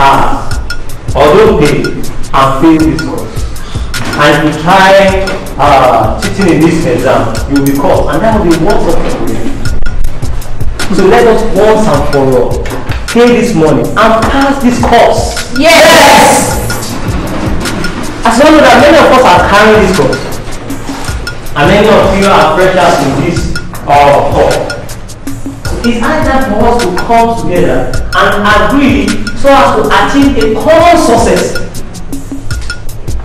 have or don't pay and pay this course. And you try uh, cheating in this exam, you'll be caught. And that will be worse off for you. So let us once and for all pay this money and pass this course. Yes! As long as many of us are carrying this course, and many of you are freshers in this uh, course, it's either for us to come together and agree so as to achieve a common success.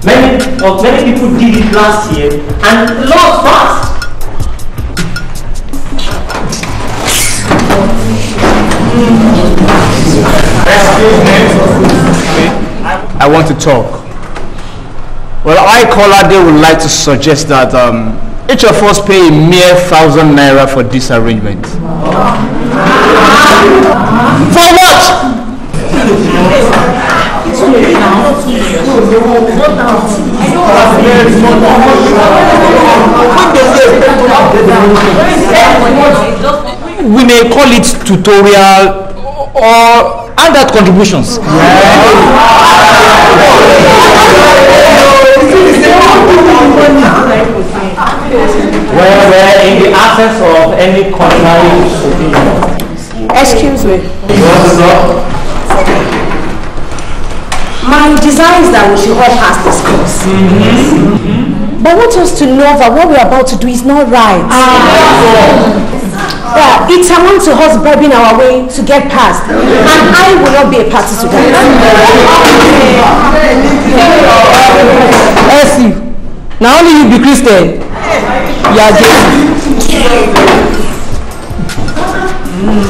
Many of many people did it last year and lost fast. I want to talk. Well, I, Kolade, would like to suggest that um, each of us pay a mere thousand naira for this arrangement. For what? We may call it tutorial or added contributions. Well, well, in the absence of any contrary opinion. Excuse me. My desire is that we should all pass this course. Mm -hmm. But I want us to know that what we are about to do is not right. Ah. Yeah, it's amount to us bribing our way to get past. And I will not be a party to that. Elsie, now only you be Christian. You are Jesus. Mm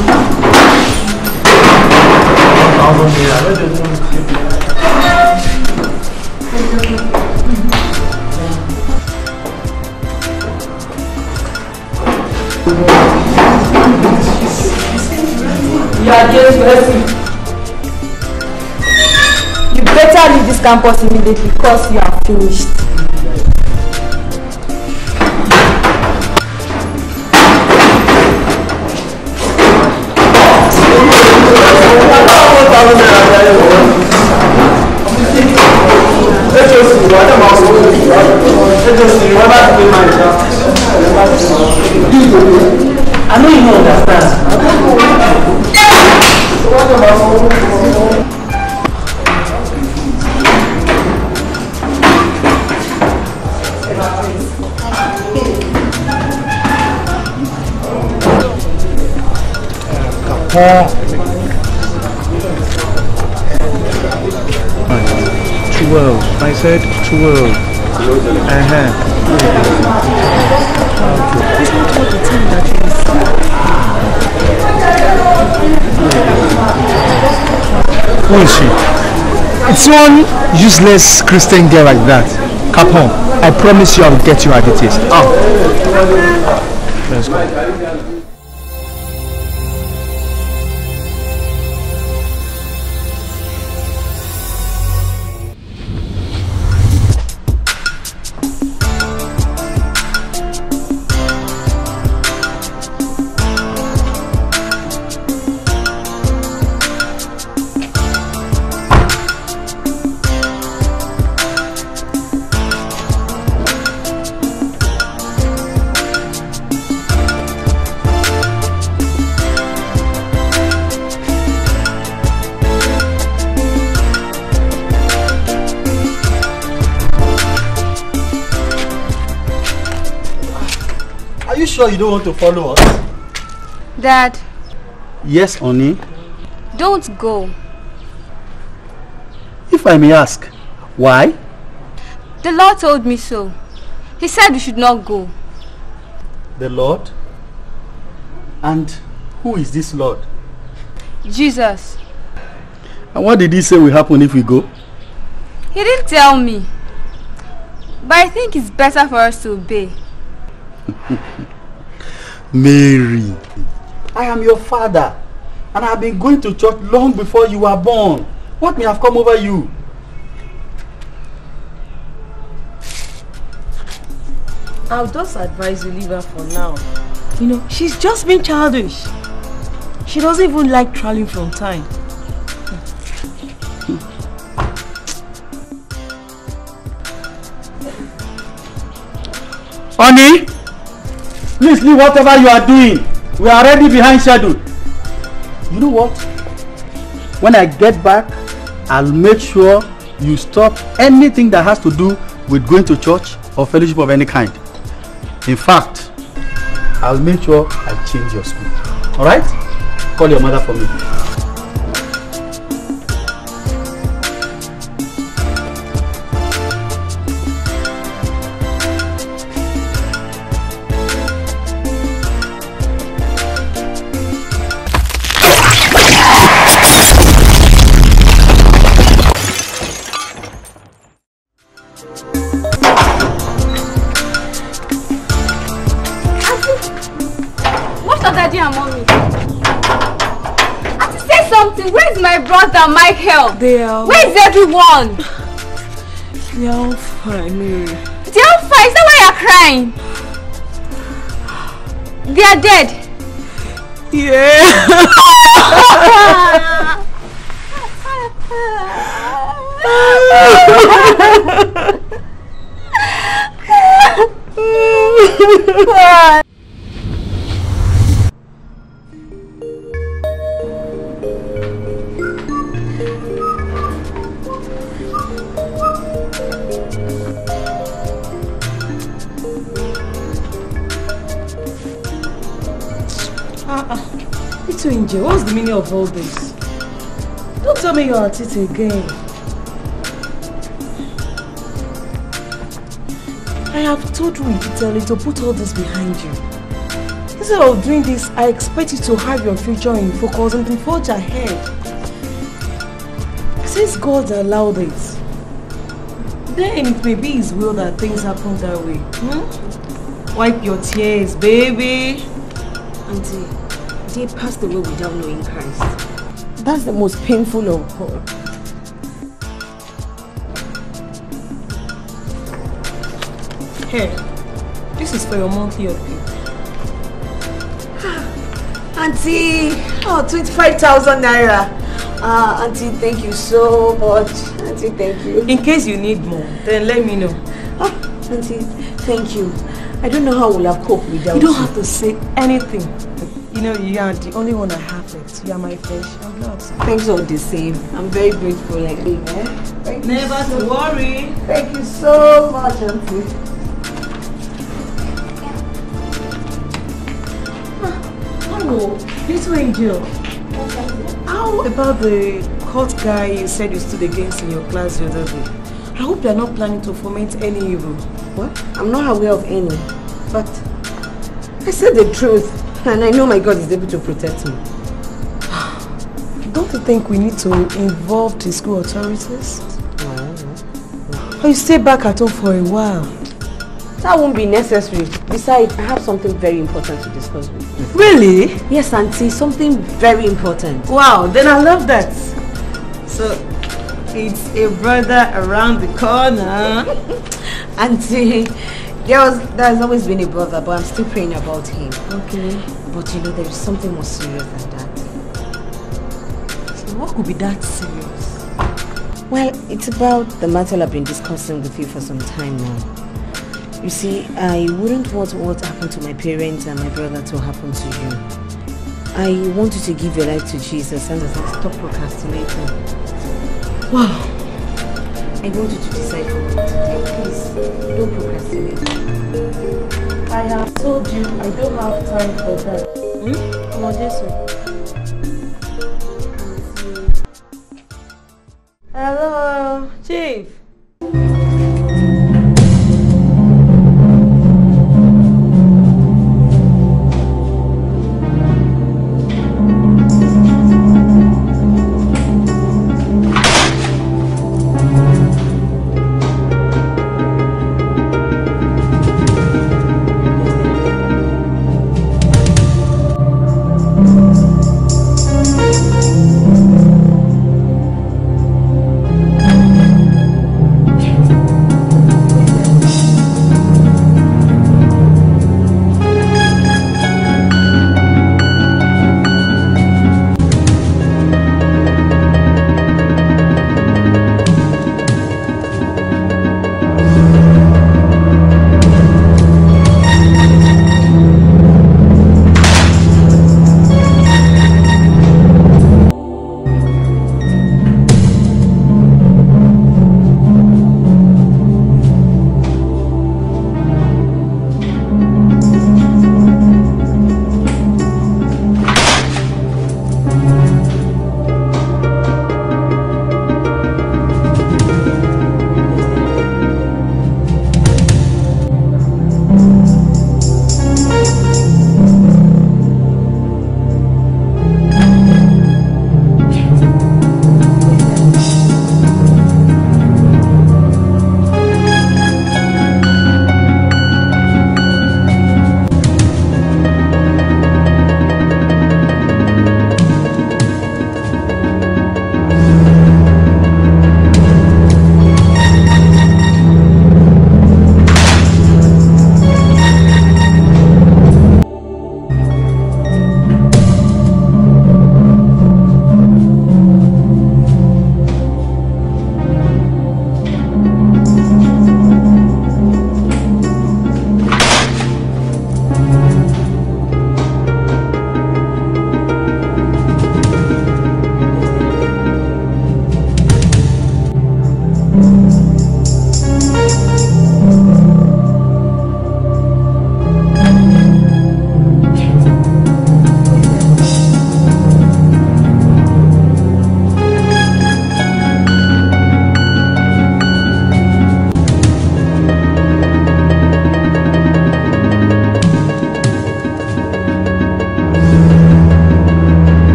àwọn ọmọ mi You better leave this campus immediately because you are finished. I world. I said to world. Uh -huh. Who is she? It's one useless Christian girl like that. Capone, I promise you I'll get you out of this. Oh. Let's go. sure you don't want to follow us? Dad. Yes, Oni? Don't go. If I may ask, why? The Lord told me so. He said we should not go. The Lord? And who is this Lord? Jesus. And what did he say will happen if we go? He didn't tell me. But I think it's better for us to obey. Mary, I am your father and I have been going to church long before you were born. What may have come over you? I'll just advise you leave her for now. You know, she's just been childish. She doesn't even like traveling from time. Honey? Please leave whatever you are doing. We are ready behind schedule. You know what? When I get back, I'll make sure you stop anything that has to do with going to church or fellowship of any kind. In fact, I'll make sure I change your school. All right? Call your mother for me. and Michael? They are. Where is everyone? They are all fine. They are fine. Is that why you are crying? They are dead. Yeah. of all this? Don't tell me you're at it again. I have told you repeatedly to put all this behind you. Instead of doing this, I expect you to have your future in focus and to forge ahead. Since God allowed it, then it may be His will that things happen that way. Hmm? Wipe your tears, baby. Auntie, see passed away without knowing Christ. That's the most painful of all. Hey, this is for your monthly update. Ah, auntie, oh, 25,000 naira. Ah, uh, auntie, thank you so much. Auntie, thank you. In case you need more, then let me know. Oh, ah, auntie, thank you. I don't know how we'll have coped without you. you don't have to say anything. You know, you are the only one I have left. You are my flesh and blood. Oh, Things are the same. I'm very grateful, like eh? Never to worry. Thank you so much, Auntie. Ah, Hello, little angel. How about the court guy you said you stood against in your class the other day? I hope you are not planning to foment any evil. What? I'm not aware of any. But I said the truth. And I know my God is able to protect me. Don't you think we need to involve the school authorities? No. Or you stay back at home for a while? That won't be necessary. Besides, I have something very important to discuss with you. Really? Yes, Auntie. Something very important. Wow, then I love that. So, it's a brother around the corner. auntie, there was has always been a brother, but I'm still praying about him. Okay. But you know there is something more serious than that. what could be that serious? Well, it's about the matter I've been discussing with you for some time now. You see, I wouldn't want what happened to my parents and my brother to happen to you. I want you to give your life to Jesus and stop procrastinating. Wow. I want you to decide for me. please, don't procrastinate. I have told you I don't have time for that. Hmm? Come on, Jason. Hello, Chief.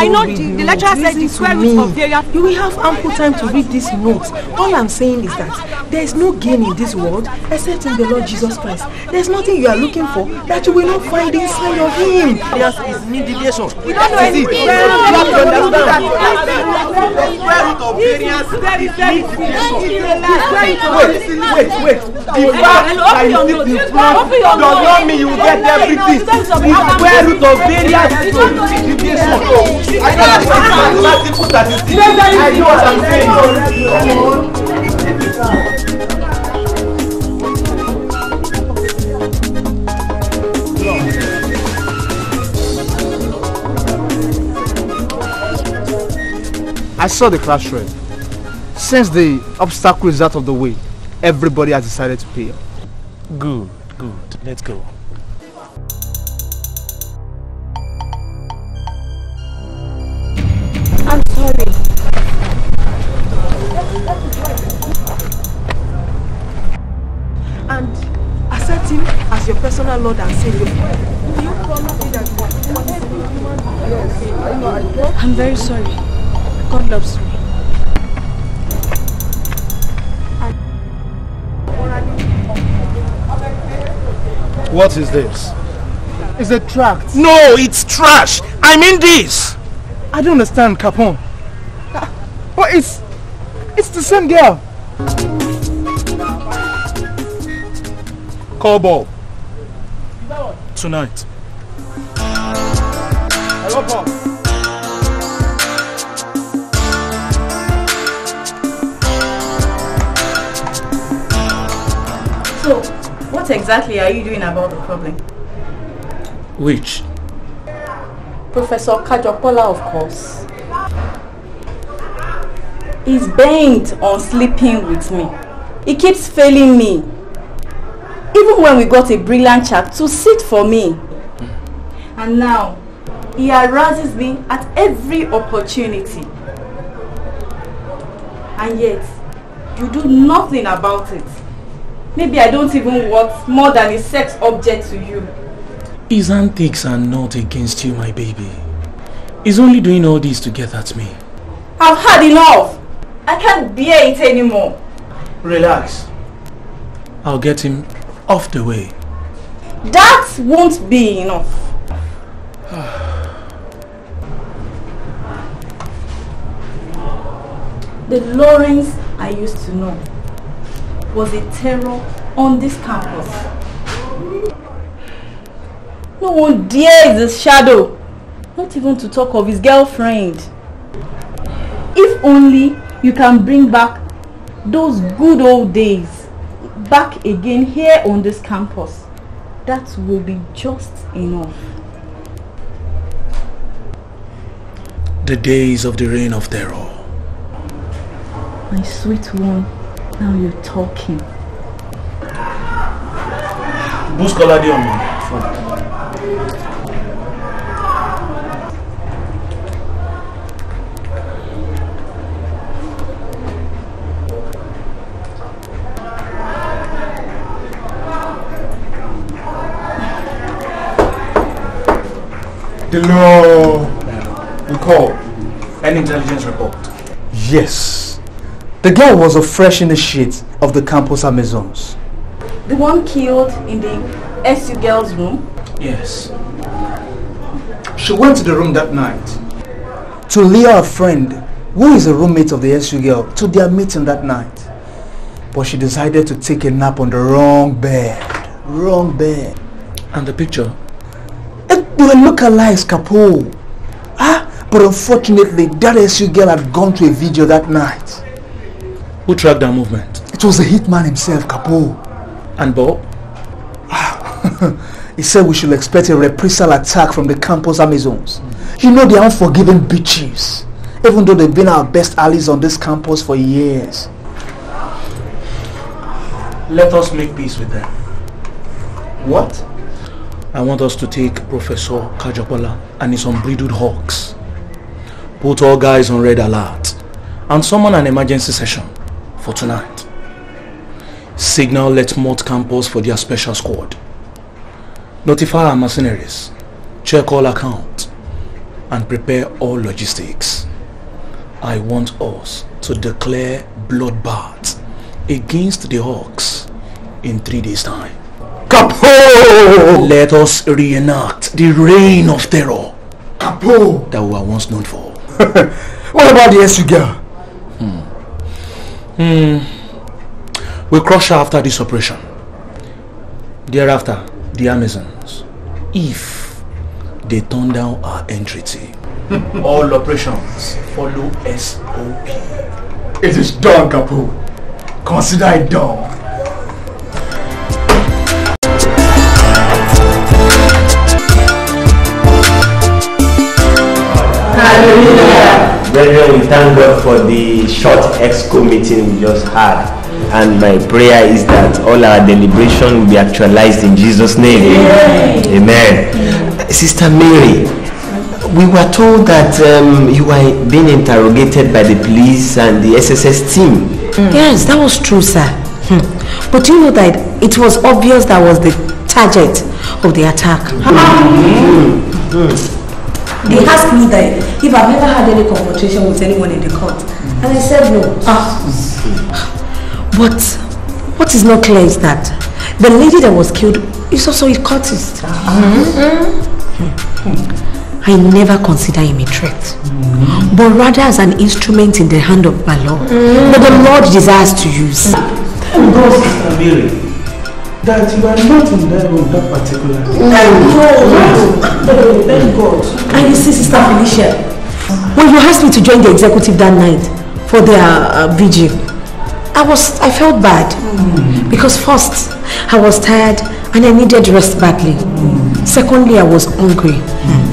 I know the, the lecturer said the square root of variable. You will have ample time to read these notes. All I'm saying is that There is no gain in this world except in the Lord Jesus Christ. There is nothing you are looking for that you will not find inside of Him. Yes, is mediation. You don't know anything. You have to understand. The spirit of variance is mediation. Wait, wait. wait. The fact that you need the plan does not mean you get everything. The spirit of variance is mediation. I know that's mathematical statistics. I know what I'm saying. I saw the classroom. Since the obstacle is out of the way, everybody has decided to pay up. Good, good. Let's go. I'm sorry. And accept him as your personal Lord and Savior. I'm very sorry. God loves me. What is this? It's a tract. No, it's trash. I mean this. I don't understand, Capone. But it's... It's the same girl. Call Bob. Tonight. Hello, Bob. what exactly are you doing about the problem? Which? Professor Kajopola, of course. He's bent on sleeping with me. He keeps failing me. Even when we got a brilliant chap to sit for me. And now, he harasses me at every opportunity. And yet, you do nothing about it. Maybe I don't even want more than a sex object to you. His antics are not against you, my baby. He's only doing all this to get at me. I've had enough. I can't bear it anymore. Relax. I'll get him off the way. That won't be enough. the Lawrence I used to know was a terror on this campus. No one dares his shadow, not even to talk of his girlfriend. If only you can bring back those good old days back again here on this campus, that will be just enough. The days of the reign of terror. My sweet one. Now you're talking. Boost color on my phone. Hello. We call an intelligence report. Yes. The girl was a fresh sheets of the campus Amazons. The one killed in the SU girls' room? Yes. She went to the room that night. To lure a friend, who is a roommate of the SU girl, to their meeting that night. But she decided to take a nap on the wrong bed. Wrong bed. And the picture? It, will were lookalikes, Capo. Ah, but unfortunately, that SU girl had gone to a video that night. Who tracked our movement? It was the hitman himself, Capo. And Bob? Ah, he said we should expect a reprisal attack from the campus Amazons. Mm. You know they are unforgiving bitches. Even though they've been our best allies on this campus for years. Let us make peace with them. What? I want us to take Professor Kajapola and his unbridled hawks. Put all guys on red alert and summon an emergency session for tonight. Signal let Mott campus for their special squad. Notify our mercenaries, check all accounts, and prepare all logistics. I want us to declare bloodbath against the Hawks in three days' time. Capo, Let us reenact the reign of terror. Capo That we were once known for. what about the SU girl? Hmm. Hmm. We'll crush her after this operation. Thereafter, the Amazons, if they turn down our entreaty, all operations follow SOP. It is done, Kapu. Consider it done. Hallelujah we thank God for the short exco meeting we just had. And my prayer is that all our deliberation will be actualized in Jesus' name. Amen. Amen. Amen. Sister Mary, we were told that um, you were being interrogated by the police and the SSS team. Mm. Yes, that was true, sir. Hmm. But you know that it was obvious that was the target of the attack. Mm Mm they asked me that if I've never had any confrontation with anyone in the court. And I said no. Ah. But what is not clear is that the lady that was killed is also a cultist. I never consider him a threat, mm. but rather as an instrument in the hand of my Lord mm. that the Lord desires to use that you are not in there on that particular day. No, no, no. Thank God. And you see, Sister Felicia, when you asked me to join the executive that night for their uh, vigil, I was, I felt bad. Mm. Because first, I was tired and I needed rest badly. Mm. Secondly, I was hungry. Mm.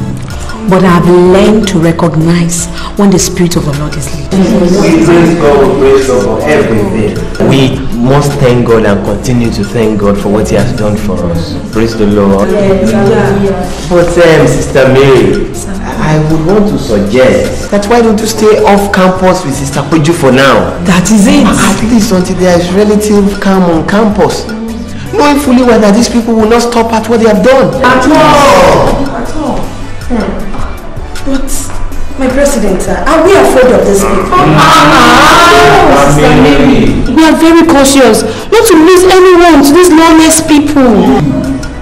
But I've learned to recognize when the Spirit of the Lord is leading. We praise God, praise God for everything. We must thank God and continue to thank God for what He has done for us. Praise the Lord. Yes, yes. But um, Sister Mary, I would want to suggest that why don't you stay off campus with Sister Koju for now? That is it. At least until there is relative calm on campus. Knowing fully well that these people will not stop at what they have done. At all. At all. Hmm. But, my president, uh, are we afraid of these people? Ah, ah, ah, ah, We are very cautious not to lose anyone to these lawless people.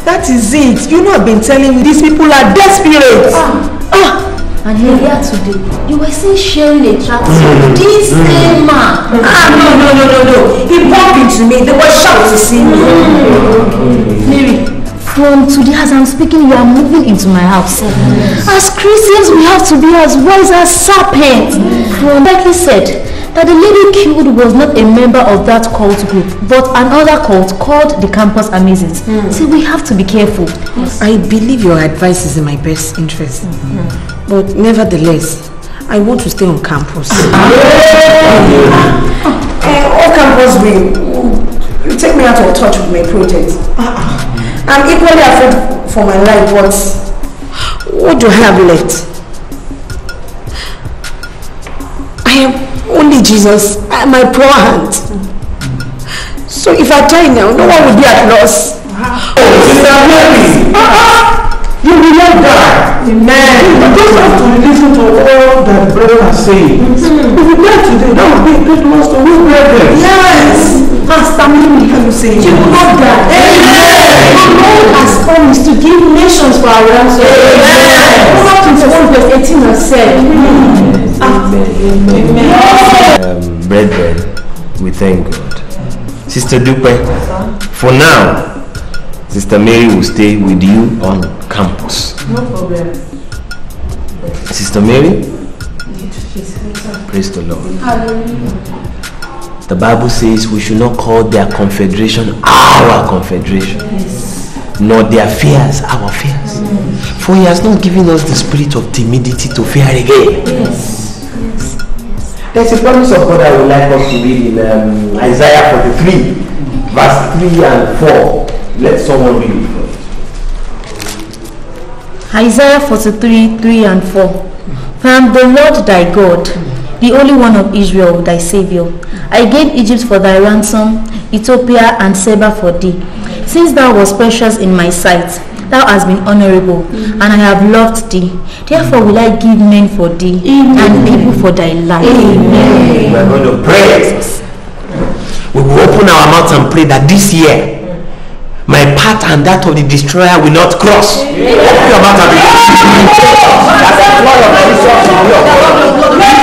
That is it. You know I've been telling you, these people are desperate. Ah. Ah. And here today, you were seen sharing a tract with mm. this same mm. man. Ah, no, no, no, no, no. He bumped into me. They were shocked to see me. Mm. Mary, from today as I'm speaking, you are moving into my house. Yes. As Christians, we have to be as wise as serpents. Mm. Rightly said, that the lady killed was not a member of that cult group, but another cult called the Campus Amazons. Mm. we have to be careful. Yes. I believe your advice is in my best interest. Mm -hmm. But nevertheless, I want to stay on campus. uh, ah. off ah. eh, campus, will take me out of touch with my projects. Uh ah, -uh. I'm equally afraid for my life, What? what do I have left? I am only Jesus at my poor hand. So if I die now, no one will be at loss. Oh, Sister Mary! You will not die. Amen. You just have to listen to all that brother has said. Hmm. If you die today, that will be a great loss to who brethren. Yes. Pastor Mary, can you say? You will not die. Amen. Our God has promised to give nations for our ransom. Proverbs 21 verse 18 has said. Amen. Amen. Um, brethren, we thank God. Sister Dupe, for now, Sister Mary will stay with you on campus. No problem. Sister Mary? Praise the Lord. Hallelujah. The Bible says we should not call their confederation our confederation, yes. nor their fears our fears. Yes. For He has not given us the spirit of timidity to fear again. Yes. There's a promise of God I would like us to read in um, Isaiah 43, verse 3 and 4. Let someone read it first. Isaiah 43, 3 and 4. I am the Lord thy God the only One of Israel, thy Savior. I gave Egypt for thy ransom, Ethiopia and Seba for thee. Since thou wast precious in my sight, thou hast been honorable, mm-hmm. and I have loved thee. Therefore will I give men for thee, Amen. and people for thy life. Amen. We are going to pray. We will open our mouths and pray that this year, my path and that of the destroyer will not cross. Open your mouth and pray. That's the of Jesus.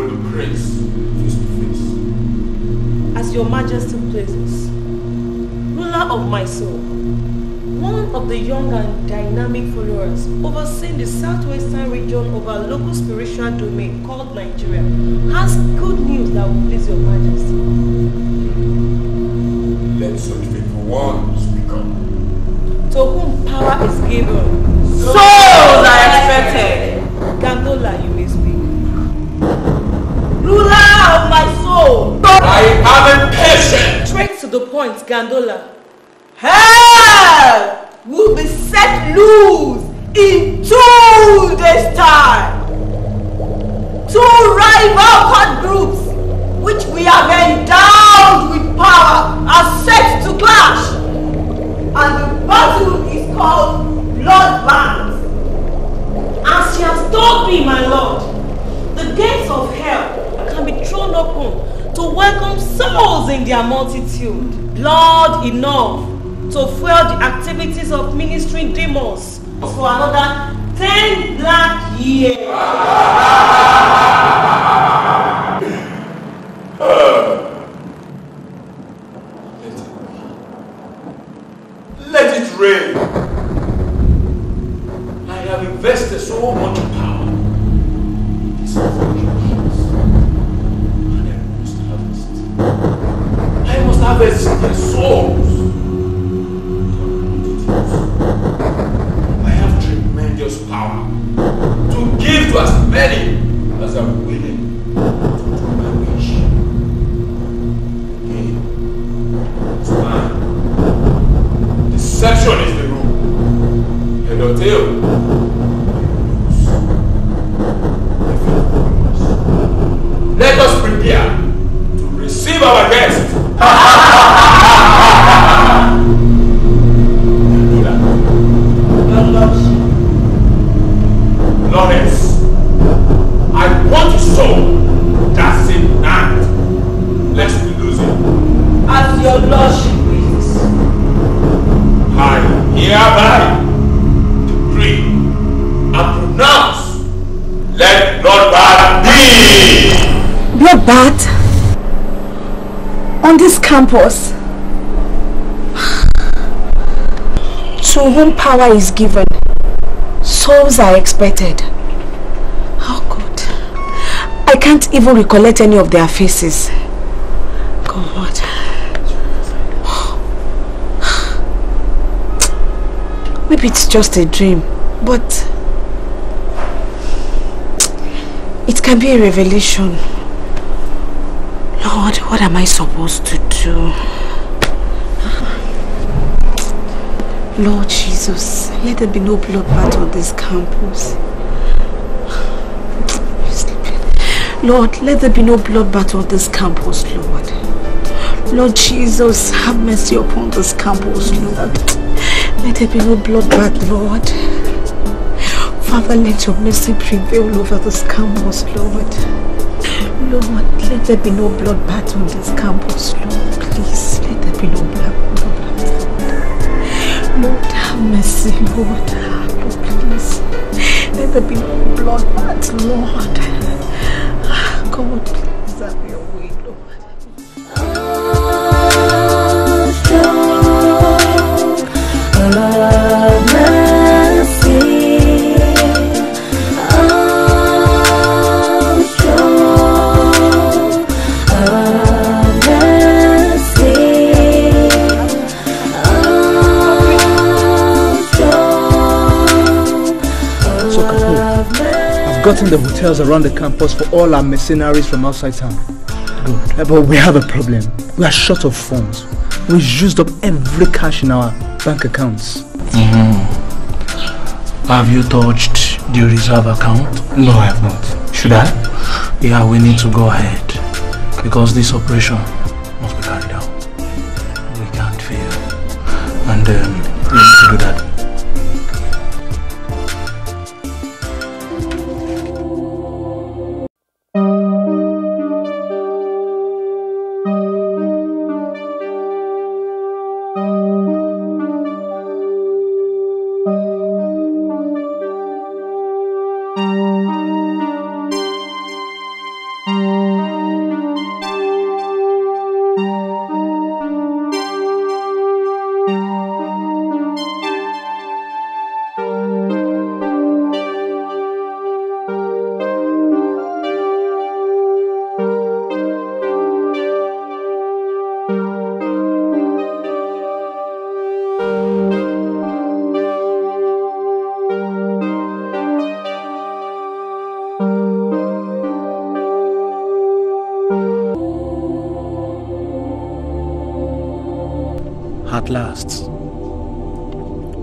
the prince face to face. As your majesty pleases, ruler of my soul, one of the young and dynamic followers overseeing the southwestern region of our local spiritual domain called Nigeria, has good news that will please your majesty. Let such people once become. To whom power is given, souls are expected. Gandola, you ruler of my soul. I am impatient. Straight to the point, Gandola. Hell will be set loose in two days' time. Two rival cult groups, which we have endowed with power, are set to clash. And the battle is called bloodbath. As you have told me, my lord, the gates of hell can be thrown open to welcome souls in their multitude. Lord, enough to fuel the activities of ministering demons for another 10 black years. Let it rain. I have invested so much power in this harvest their souls. I have tremendous power to give to as many as are willing to do my wish. Okay. it's mine. Deception is the rule. And until Let us prepare to receive our guests. But on this campus to whom power is given souls are expected oh god i can't even recollect any of their faces god maybe it's just a dream but it can be a revelation God, what am I supposed to do? Lord Jesus, let there be no bloodbath on this campus. Lord, let there be no bloodbath on this campus, Lord. Lord Jesus, have mercy upon this campus, Lord. Let there be no bloodbath, Lord. Father, let your mercy prevail over this campus, Lord. Lord, let there be no bloodbath on this campus, Lord. Please, let there be no bloodbath. Lord, have mercy, Lord. Lord, please. Let there be no bloodbath, Lord. Ah, God, please have your way, Lord. Oh, gotten the hotels around the campus for all our mercenaries from outside town. Good. Eh, but we have a problem. We are short of funds. We've used up every cash in our bank accounts. Mm -hmm. Have you touched the reserve account? No, I have not. Should I? Yeah, we need to go ahead. Because this operation must be carried out. We can't fail. And um, we need to do that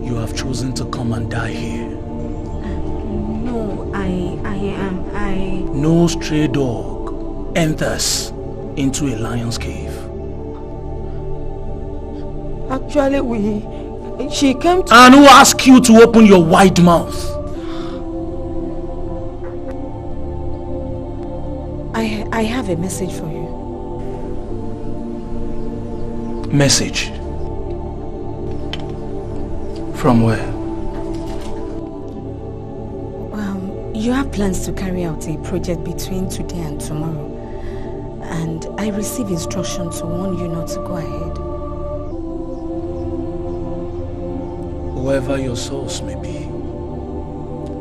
You have chosen to come and die here. No, I, I am, I... No stray dog enters into a lion's cave. Actually, we... She came to... And who asked you to open your wide mouth? I, I have a message for you. Message? From where? Um, you have plans to carry out a project between today and tomorrow. And I receive instruction to warn you not to go ahead. Whoever your source may be,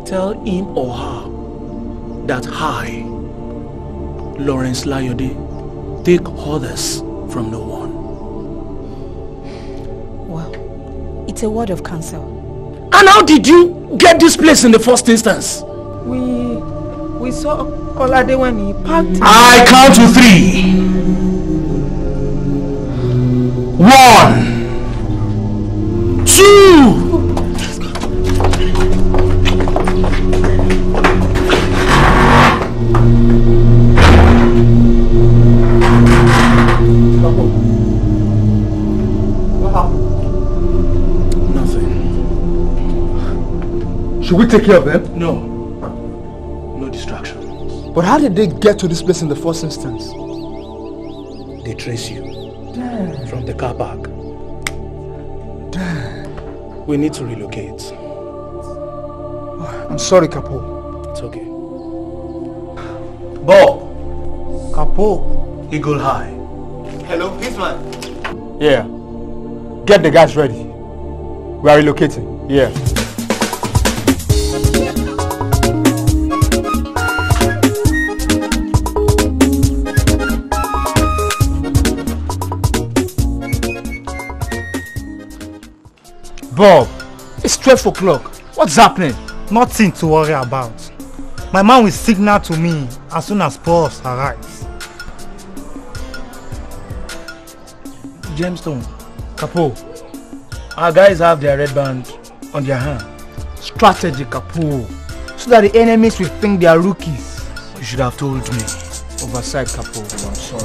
tell him or her that I, Lawrence Layode, take orders from no one. a word of counsel. And how did you get this place in the first instance? We we saw Kolade when he parked. I count to three. One. take care of them? No. No distractions. But how did they get to this place in the first instance? They trace you. Damn. From the car park. Damn. We need to relocate. I'm sorry, Capo. It's okay. Bob. Capo. Eagle High. Hello, policeman. Yeah. Get the guys ready. We are relocating. Yeah. Bob, it's 12 o'clock. What's happening? Nothing to worry about. My man will signal to me as soon as Paul arrives. Gemstone, Capo, our guys have their red band on their hand. Strategy, Capo, so that the enemies will think they are rookies. You should have told me. Oversight, Capo. I'm sorry.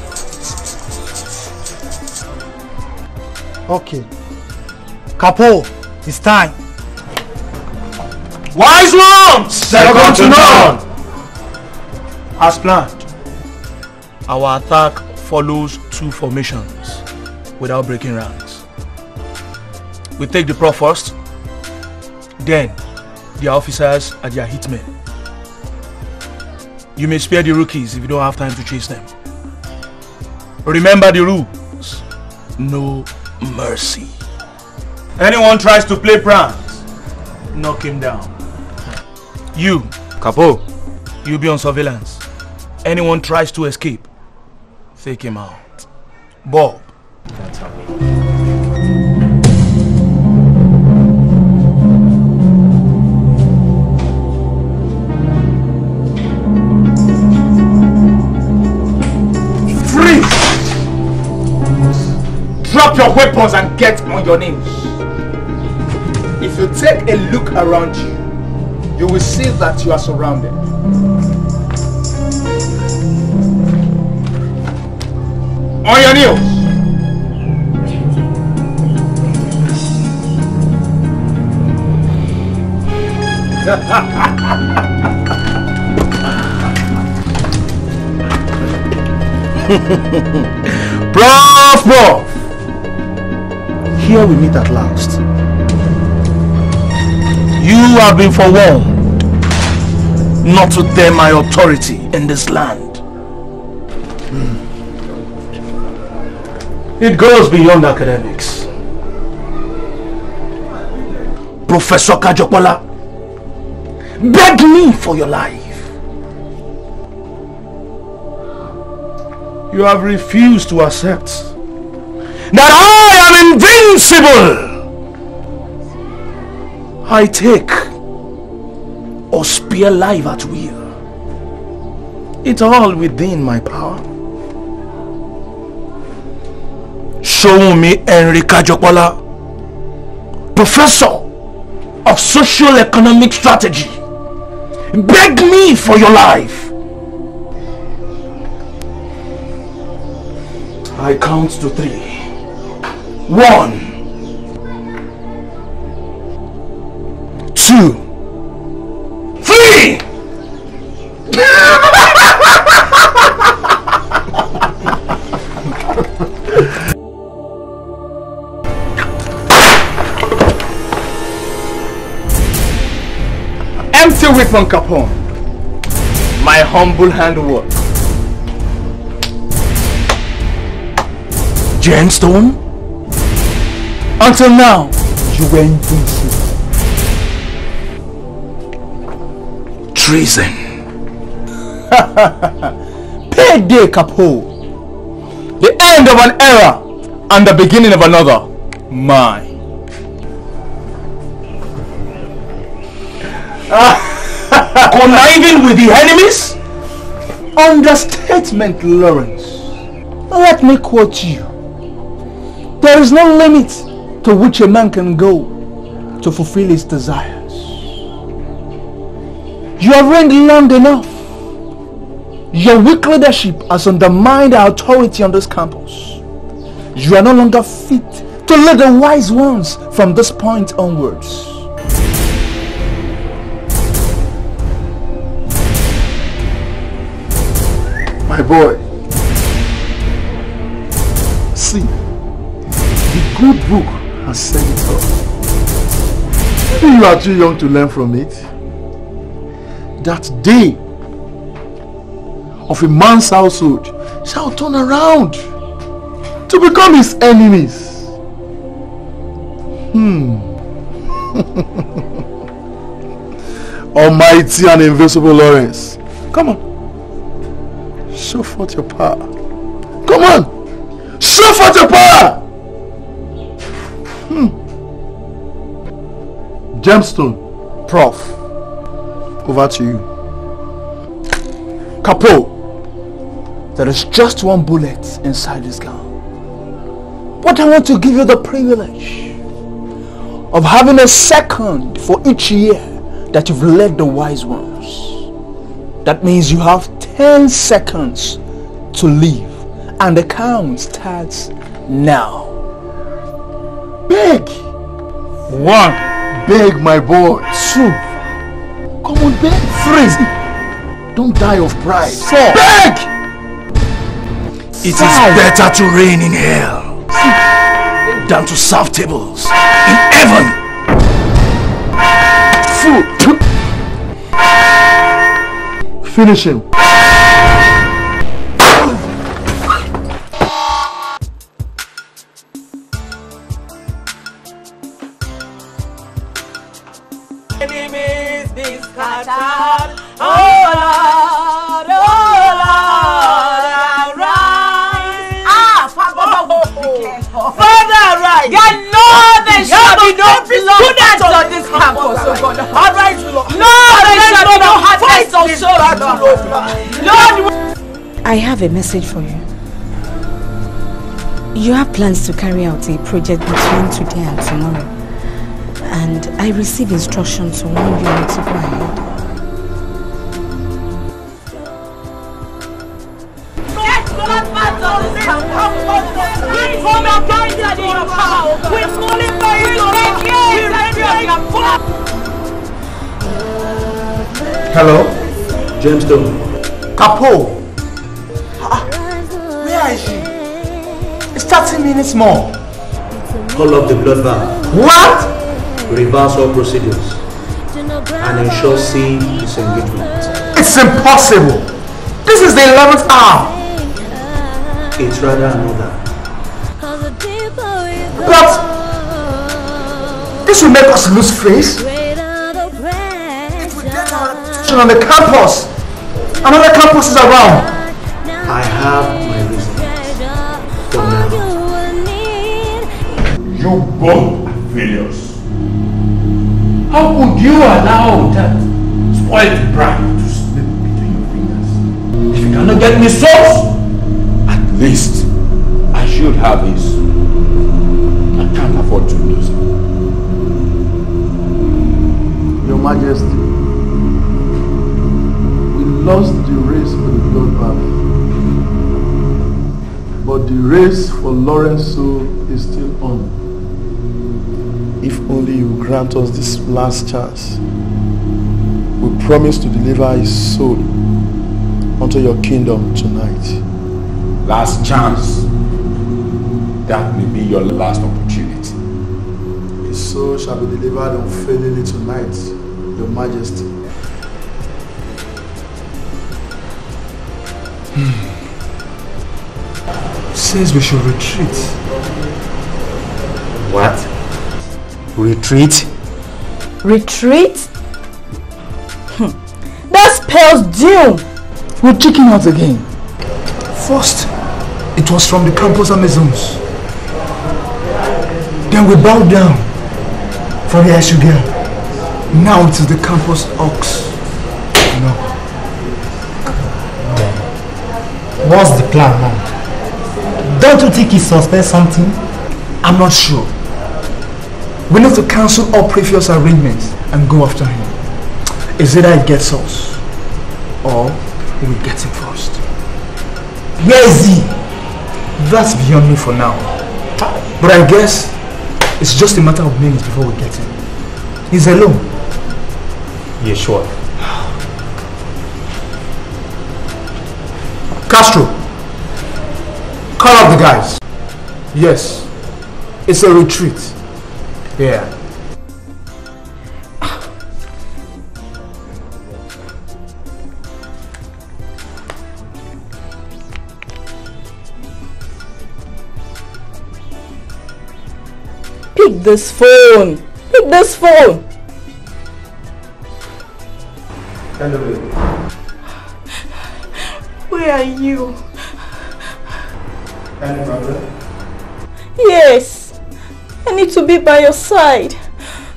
It's alright. Okay. Capo, it's time. Wise ones, second to none. As planned, our attack follows two formations without breaking ranks. We take the pro first, then the officers and their hitmen. You may spare the rookies if you don't have time to chase them. Remember the rules. No mercy. Anyone tries to play pranks, knock him down. You, Capo, you'll be on surveillance. Anyone tries to escape, take him out. Bob. That's how Drop your weapons and get on your knees. If you take a look around you, you will see that you are surrounded. On your knees. Prof, Prof! Here we meet at last. You have been forewarned not to dare my authority in this land. Hmm. It goes beyond academics. Professor Kajokola. beg me for your life. You have refused to accept that I am invincible. I take or spare life at will. It's all within my power. Show me, Henry Kajokwala, Professor of Social Economic Strategy, beg me for your life. I count to three. One. with from Capone. My humble handwork. Gemstone? Until now, you were invincible. Treason. Payday, Capone. The end of an era and the beginning of another. My. Ah! Conniving with the enemies? Understatement, Lawrence. Let me quote you. There is no limit to which a man can go to fulfill his desires. You have reigned long enough. Your weak leadership has undermined our authority on this campus. You are no longer fit to lead the wise ones from this point onwards. My boy, see, the good book has said it all. Maybe you are too young to learn from it. That day of a man's household shall turn around to become his enemies. Hmm. Almighty and invincible Lawrence. Come on show forth your power. Come on! Show forth your power! Hmm. Gemstone, Prof. Over to you. Capo, there is just one bullet inside this gun. But I want to give you the privilege of having a second for each year that you've led the wise ones. That means you have 10 seconds to leave and the count starts now. Beg! One! Beg, my boy! Two! Come on, beg! Three! Don't die of pride! Four! Beg! It is better to reign in hell than to serve tables in heaven! Four! Finish him! I have a message for you. You have plans to carry out a project between today and tomorrow. And I receive instructions to warn you not to go ahead. Hello? Gemstone. Capo! Ah, where is she? It's 30 minutes more. Call up the blood bank. What? Reverse all procedures and ensure seeing engagement. It's impossible! This is the 11th hour! It's rather another. But this will make us lose face. It will get our attention on the campus another campus is around. I have my reasons for now. You both are failures. How could you allow that spoiled bride to slip between your fingers? If you cannot get me souls, at least I should have his. I can't afford to lose him. Your Majesty lost the race for the bath, but the race for Lorenzo is still on. If only you grant us this last chance, we promise to deliver his soul unto your kingdom tonight. Last chance. That may be your last opportunity. His soul shall be delivered unfailingly tonight, your majesty. says we should retreat. What? Retreat? Retreat? Hmm. That spells doom! We're checking out again. First, it was from the Campus Amazons. Then we bowed down for the Ashugal. Now it is the Campus Ox. No. What's the plan now? Don't you think he suspects something? I'm not sure. We need to cancel all previous arrangements and go after him. Is that he gets us or we get him first. Where is he? That's beyond me for now. But I guess it's just a matter of minutes before we get him. He's alone. Yeah, sure. Castro. Call up the guys. Yes. It's a retreat. Yeah. Pick this phone. Pick this phone. Hello. Where are you? Any problem? Yes. I need to be by your side.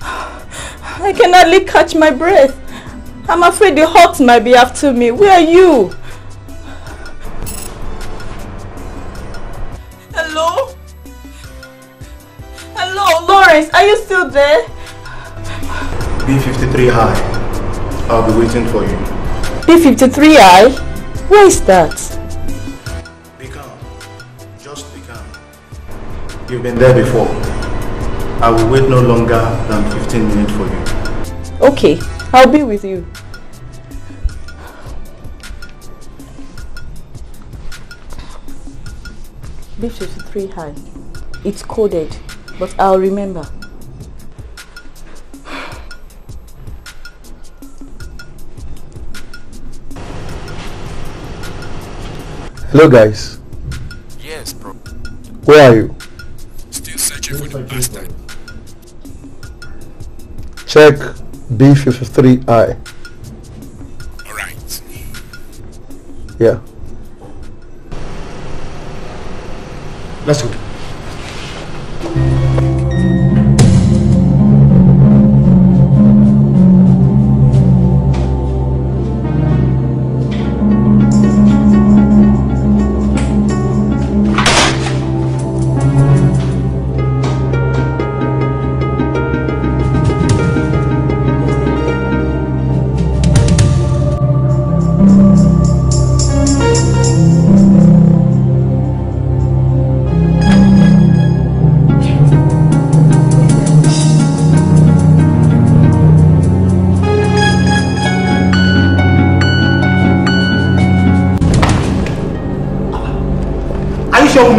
I can hardly catch my breath. I'm afraid the hawks might be after me. Where are you? Hello? Hello, Lawrence, are you still there? B-53 High. I'll be waiting for you. B-53 High? Where is that? You've been there before. I will wait no longer than 15 minutes for you. Okay, I'll be with you. B53 high. It's coded, but I'll remember. Hello guys. Yes, bro. Where are you? Check B53I. Alright. Yeah. That's good.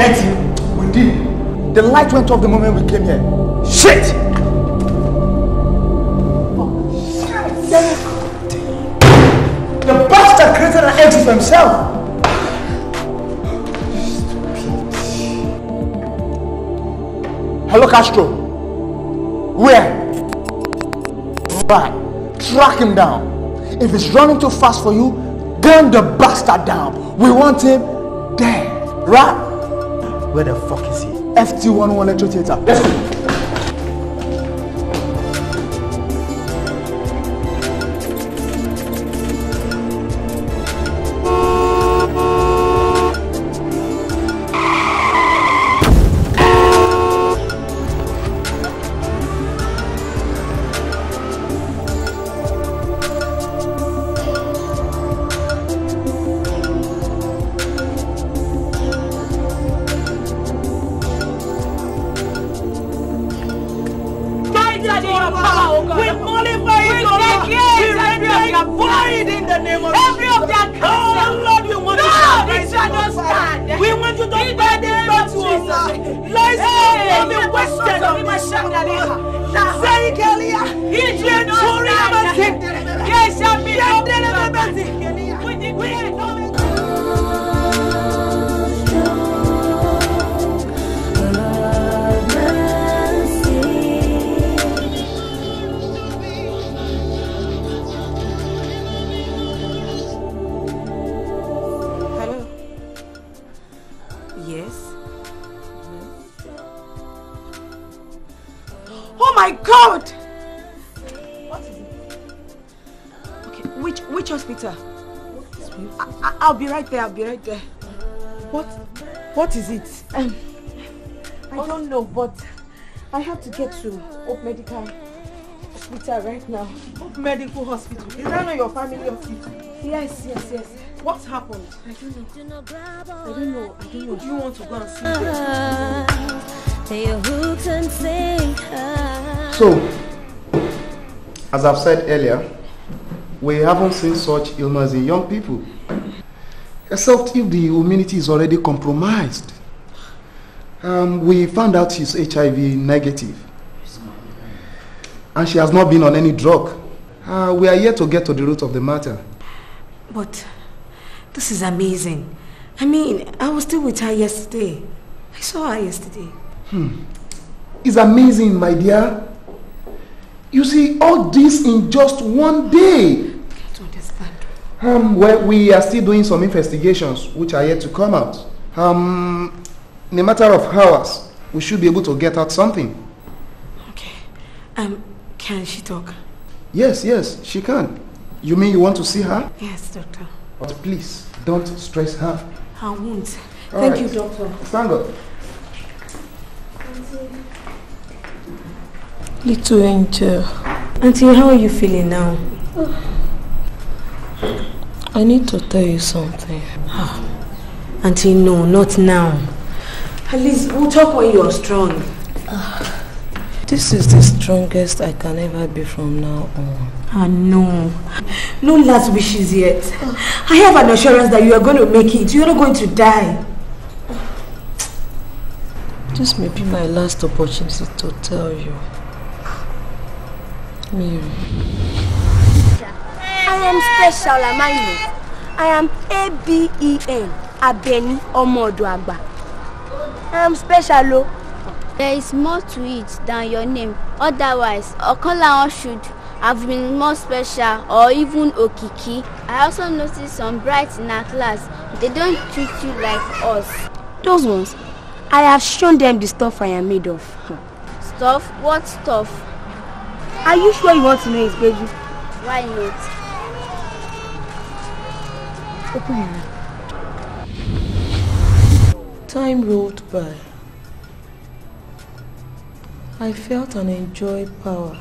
you, we did. The light went off the moment we came here. Shit! the bastard created an exit for himself. Hello, Castro. Where? Right. Track him down. If he's running too fast for you, gun the bastard down. We want him dead. Right? Where the fuck is he? FT11 Electro Theater. Let's go. Thank you. my God! What is it? Okay, which which hospital? I, I'll be right there. I'll be right there. What? What is it? Um, I oh. don't know, but I have to get to Hope Medical Hospital right now. Hope Medical Hospital? Is that not your family hospital? Yes, yes, yes. What happened? I don't know. I don't know. I don't know. Do you want to go and see uh-huh. them? So, as I've said earlier, we haven't seen such illness in young people, except if the immunity is already compromised. Um, we found out she's HIV negative, and she has not been on any drug. Uh, we are yet to get to the root of the matter. But this is amazing. I mean, I was still with her yesterday. I saw her yesterday. Hmm. It's amazing, my dear. You see, all this in just one day. I don't understand. Um, well, we are still doing some investigations which are yet to come out. Um, in a matter of hours, we should be able to get out something. Okay. Um, can she talk? Yes, yes, she can. You mean you want to see her? Yes, doctor. But please, don't stress her. I won't. All Thank right. you, doctor. Thank God. Little angel. Auntie, how are you feeling now? Oh. I need to tell you something. Oh. Auntie, no, not now. At least we'll talk when you are strong. Ah. This is the strongest I can ever be from now on. Ah, no. No last wishes yet. Ah. I have an assurance that you are going to make it. You are not going to die. This may be my last opportunity to tell you. Mary. I am special, am I not? I am A-B-E-N, Abeni Omodo I am special, oh. There is more to it than your name. Otherwise, Okolawon should have been more special or even Okiki. I also noticed some brights in our class. They don't treat you like us. Those ones I have shown them the stuff I am made of. Stuff? What stuff? Are you sure you want to know his baby? Why not? Open your Time rolled by. I felt and enjoyed power.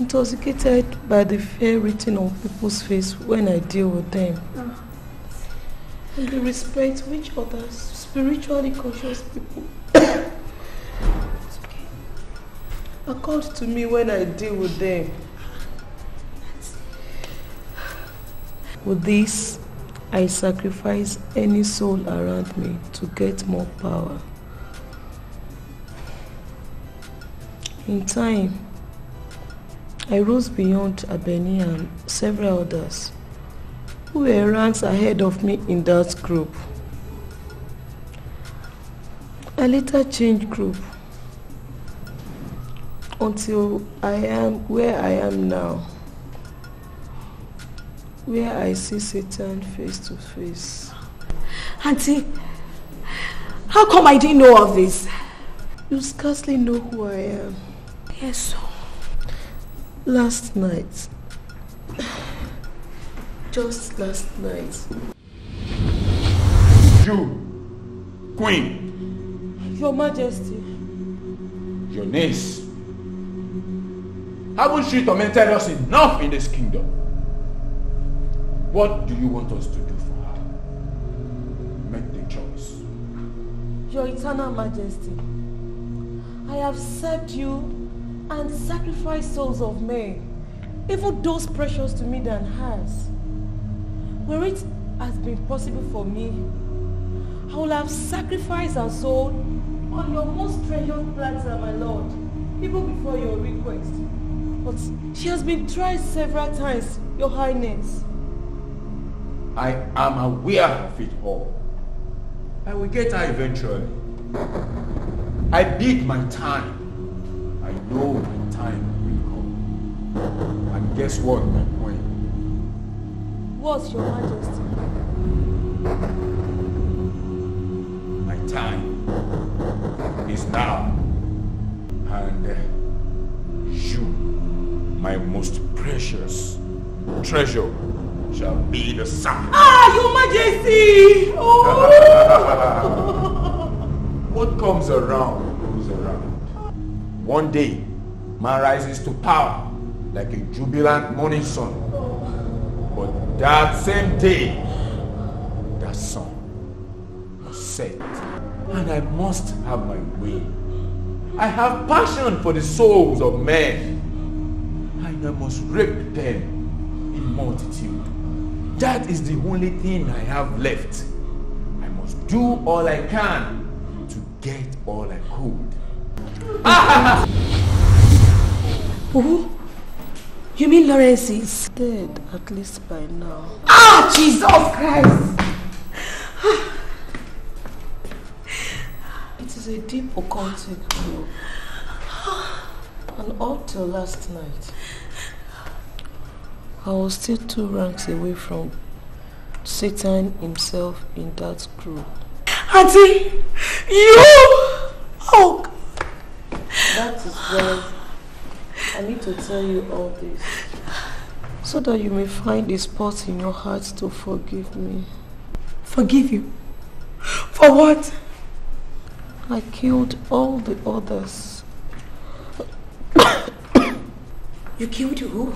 Intoxicated by the fear written on people's face when I deal with them. Mm. And the respect which others spiritually conscious people. it's okay. Are called to me when I deal with them. With this, I sacrifice any soul around me to get more power. In time, I rose beyond Abeni and several others who were ranks ahead of me in that group. I later changed group until I am where I am now, where I see Satan face to face. Auntie, how come I didn't know of this? You scarcely know who I am. Yes, so. Last night, just last night. You, Queen. Your Majesty. Your niece. Haven't she tormented us enough in this kingdom? What do you want us to do for her? Make the choice. Your Eternal Majesty, I have served you and sacrificed souls of men, even those precious to me than hers. Where it has been possible for me, I will have sacrificed our soul on your most treasured platter, uh, my lord, even before your request. But she has been tried several times, your highness. I am aware of it all. I will get her eventually. I did my time. I know my time will come. And guess what, my queen? What's your majesty? time is now. And uh, you, my most precious treasure, shall be the sun. Ah, your majesty! Oh. what comes around goes around. One day, man rises to power like a jubilant morning sun. But that same day, that sun set and I must have my way. I have passion for the souls of men, and I must rape them in multitude. That is the only thing I have left. I must do all I can to get all I could. Ah! you mean Lawrence is dead, at least by now. Ah, Jesus Christ! is a deep occultic group. And up till last night, I was still two ranks away from Satan himself in that group. Auntie, you! Oh, That is why I need to tell you all this. So that you may find a spot in your heart to forgive me. Forgive you? For what? I killed all the others. you killed who?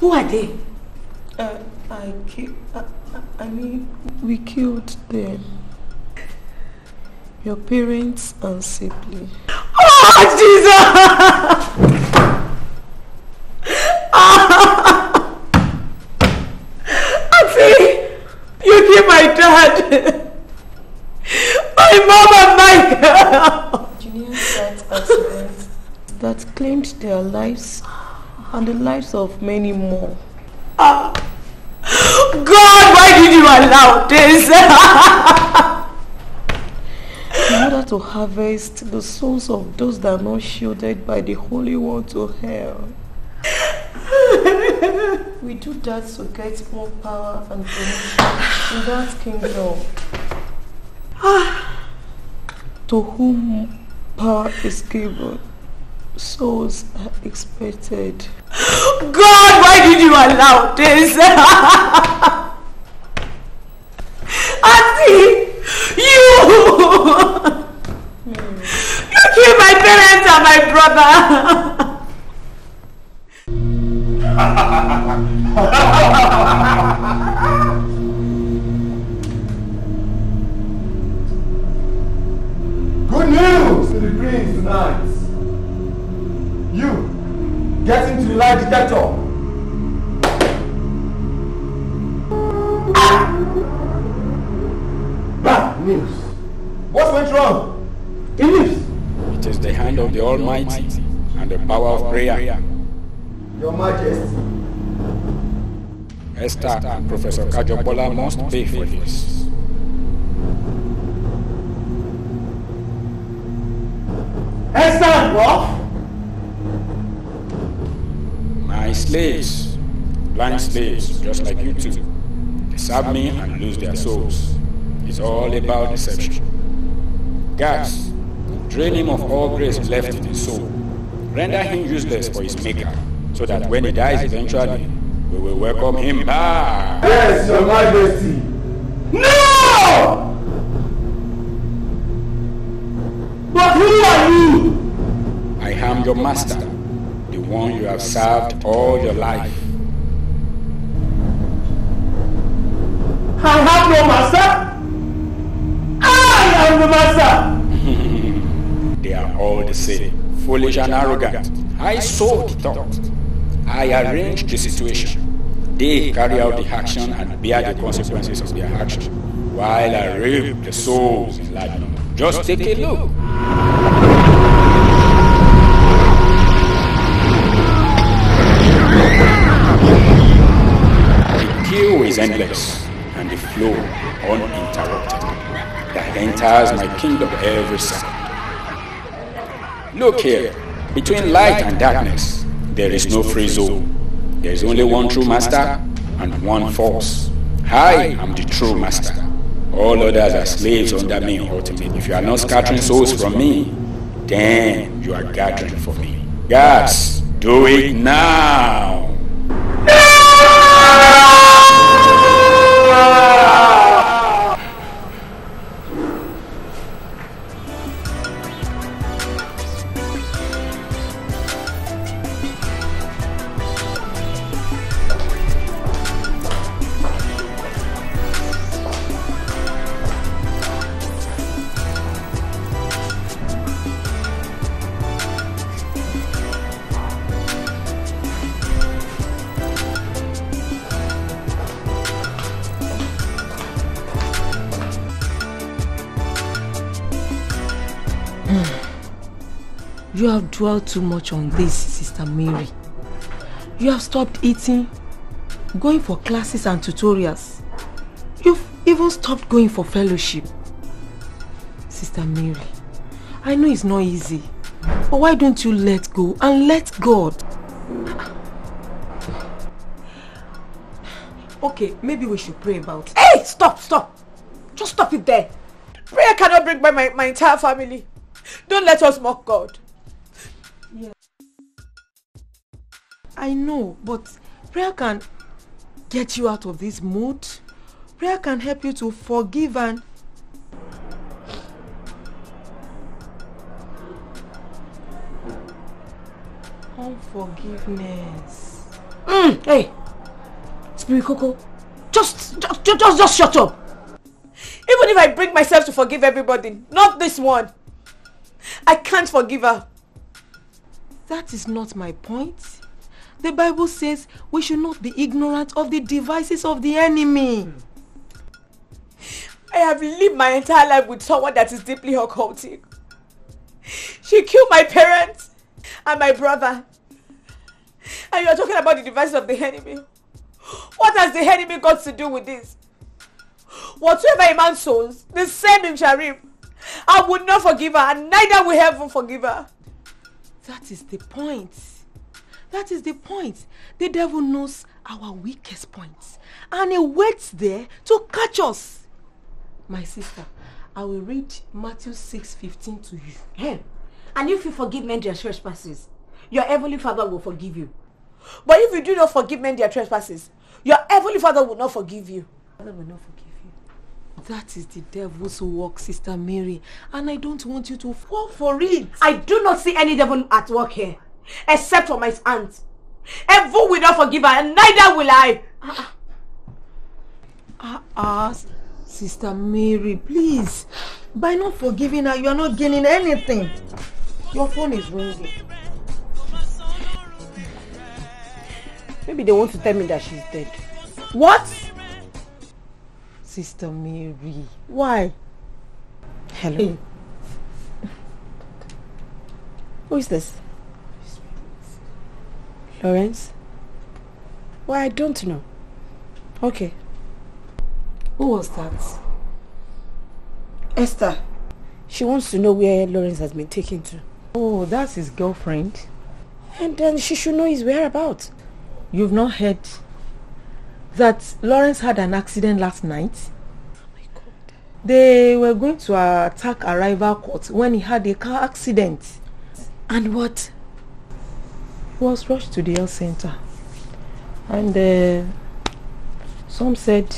Who are they? Uh, I killed. I, uh, uh, I mean, we killed them. Your parents and siblings. Oh, Jesus! Auntie, you killed my dad. my mom that claimed their lives and the lives of many more. Ah. God, why did you allow this? In order to harvest the souls of those that are not shielded by the Holy One to hell. we do that to get more power and promotion in that kingdom. Ah to whom power is given, souls are expected. God, why did you allow this? Auntie, you! Mm. You killed my parents and my brother! nice. You, get into the lie detector. Bad news. What went wrong? He It is the hand of the Almighty and the power of prayer. Your Majesty. Esther and Professor Kajobola must pay for this. Extant what? My slaves, blind slaves, just like you two, they serve me and lose their souls. It's all about deception. Guards, drain him of all grace left in his soul. Render him useless for his maker, so that when he dies eventually, we will welcome him back. Yes, Your Majesty. No! your master, the one you have served all your life. I have no master. I am the master. they are all the same, foolish and arrogant. I saw the thought. I arranged the situation. They carry out the action and bear the consequences of their action, while I reap the souls in life. Just take a look. is endless and the flow uninterrupted that enters my kingdom every second. Look here, between light and darkness, there is no free zone. There is only one true master and one false. I am the true master. All others are slaves under me ultimately. If you are not scattering souls from me, then you are gathering for me. Guys, do it now! Senhor! You have dwelt too much on this, Sister Mary. You have stopped eating, going for classes and tutorials. You've even stopped going for fellowship. Sister Mary, I know it's not easy, but why don't you let go and let God? Okay, maybe we should pray about it. Hey, stop, stop. Just stop it there. Prayer cannot bring by my, my entire family. Don't let us mock God. I know, but prayer can get you out of this mood. Prayer can help you to forgive and unforgiveness. Mm, hey, Spirit Coco, just, just, just, just shut up. Even if I bring myself to forgive everybody, not this one. I can't forgive her. That is not my point. The Bible says we should not be ignorant of the devices of the enemy. I have lived my entire life with someone that is deeply occultic. She killed my parents and my brother. And you are talking about the devices of the enemy. What has the enemy got to do with this? Whatever a man sows, the same him shall I would not forgive her, and neither will heaven forgive her. That is the point. That is the point. The devil knows our weakest points and he waits there to catch us. My sister, I will read Matthew 6:15 to you. Hey, and if you forgive men their trespasses, your heavenly Father will forgive you. But if you do not forgive men their trespasses, your heavenly Father will not forgive you. Father will not forgive you. That is the devil's work, Sister Mary. And I don't want you to fall for it. I do not see any devil at work here except for my aunt. Evil will not forgive her, and neither will I. Ah, ah, Sister Mary, please. By not forgiving her, you are not gaining anything. Your phone is ringing. Maybe they want to tell me that she's dead. What? Sister Mary, why? Hello. Hey. Who is this? Lawrence? Why, well, I don't know. Okay. Who was that? Esther. She wants to know where Lawrence has been taken to. Oh, that's his girlfriend. And then she should know his whereabouts. You've not heard that Lawrence had an accident last night? Oh my God. They were going to attack a rival court when he had a car accident. And what? was rushed to the health center. And uh, some said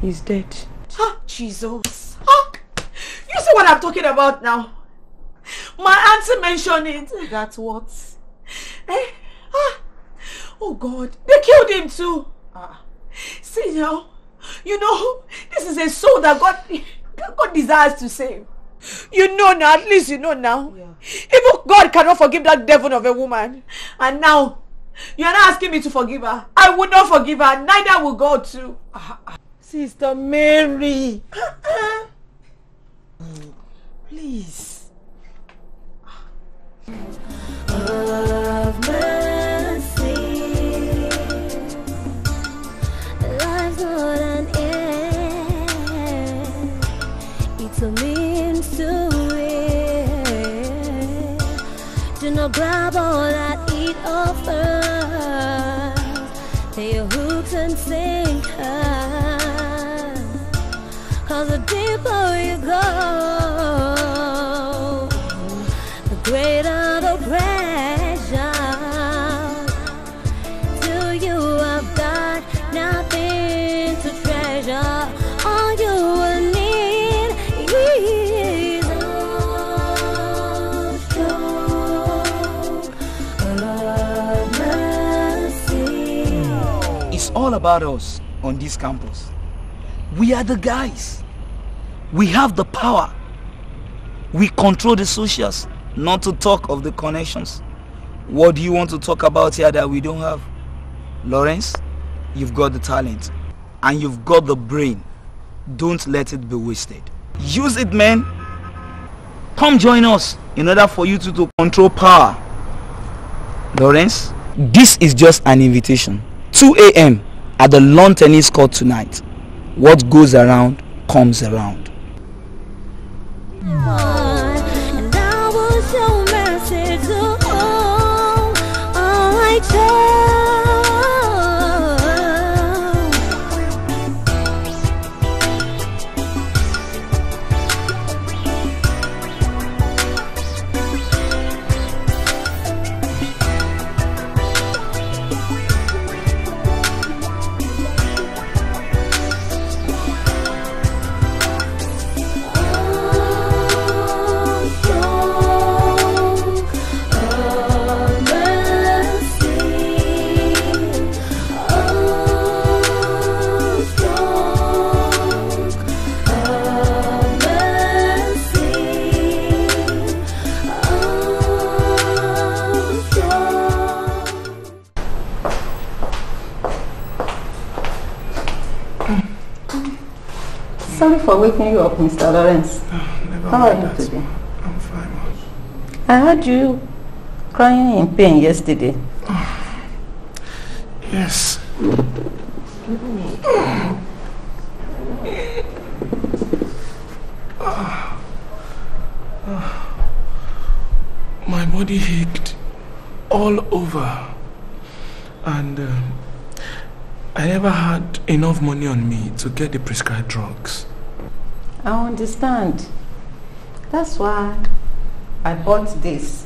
he's dead. Ah, Jesus. Ah, you see what I'm talking about now? My auntie mentioned it. That's what? Eh? Ah. Oh, God. They killed him too. Ah. See now, you know, this is a soul that God, God desires to save. You know now, at least you know now. Yeah. Even God cannot forgive that devil of a woman. And now, you are not asking me to forgive her. I would not forgive her, neither will God too. Sister Mary. Please. Of mercy, not grab all that. about us on this campus. We are the guys. We have the power. We control the socials, not to talk of the connections. What do you want to talk about here that we don't have? Lawrence, you've got the talent and you've got the brain. Don't let it be wasted. Use it, man. Come join us in order for you to, to control power. Lawrence, this is just an invitation. 2 a.m at the lawn tennis court tonight. What goes around comes around. for waking you up, Mr. Lawrence. Oh, How are you today? I'm fine. I heard you crying in pain yesterday. Oh. Yes. My body ached all over and um, I never had enough money on me to get the prescribed drugs. I understand. That's why I bought this.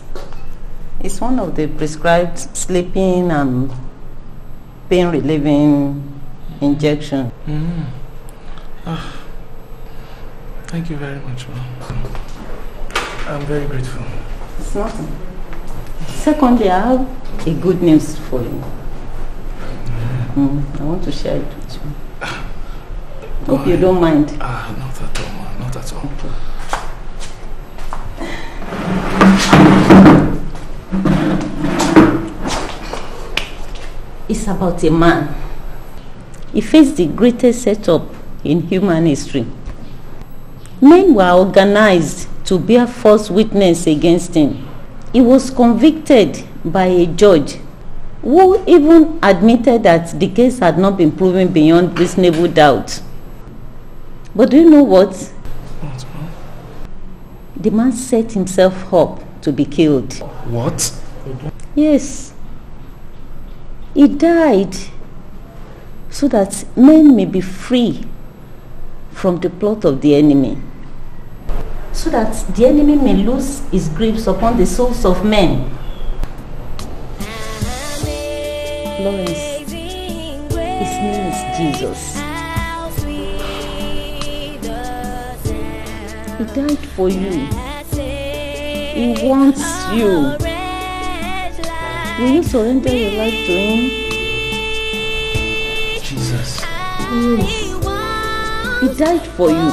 It's one of the prescribed sleeping and pain relieving injection. Mm. Ah. Thank you very much, ma'am. I'm very grateful. It's nothing. Secondly, I have a good news for you. Mm. Mm. I want to share it with you. Hope you don't mind. Ah, not at all, Not at all. It's about a man. He faced the greatest setup in human history. Men were organized to bear false witness against him. He was convicted by a judge who even admitted that the case had not been proven beyond reasonable doubt. But do you know what? What? The man set himself up to be killed. What? Yes. He died so that men may be free from the plot of the enemy. So that the enemy may lose his grips upon the souls of men. Lawrence, his name is Jesus. He died for you. He wants you. Will you surrender your life to Him? Jesus. Yes. He died for you.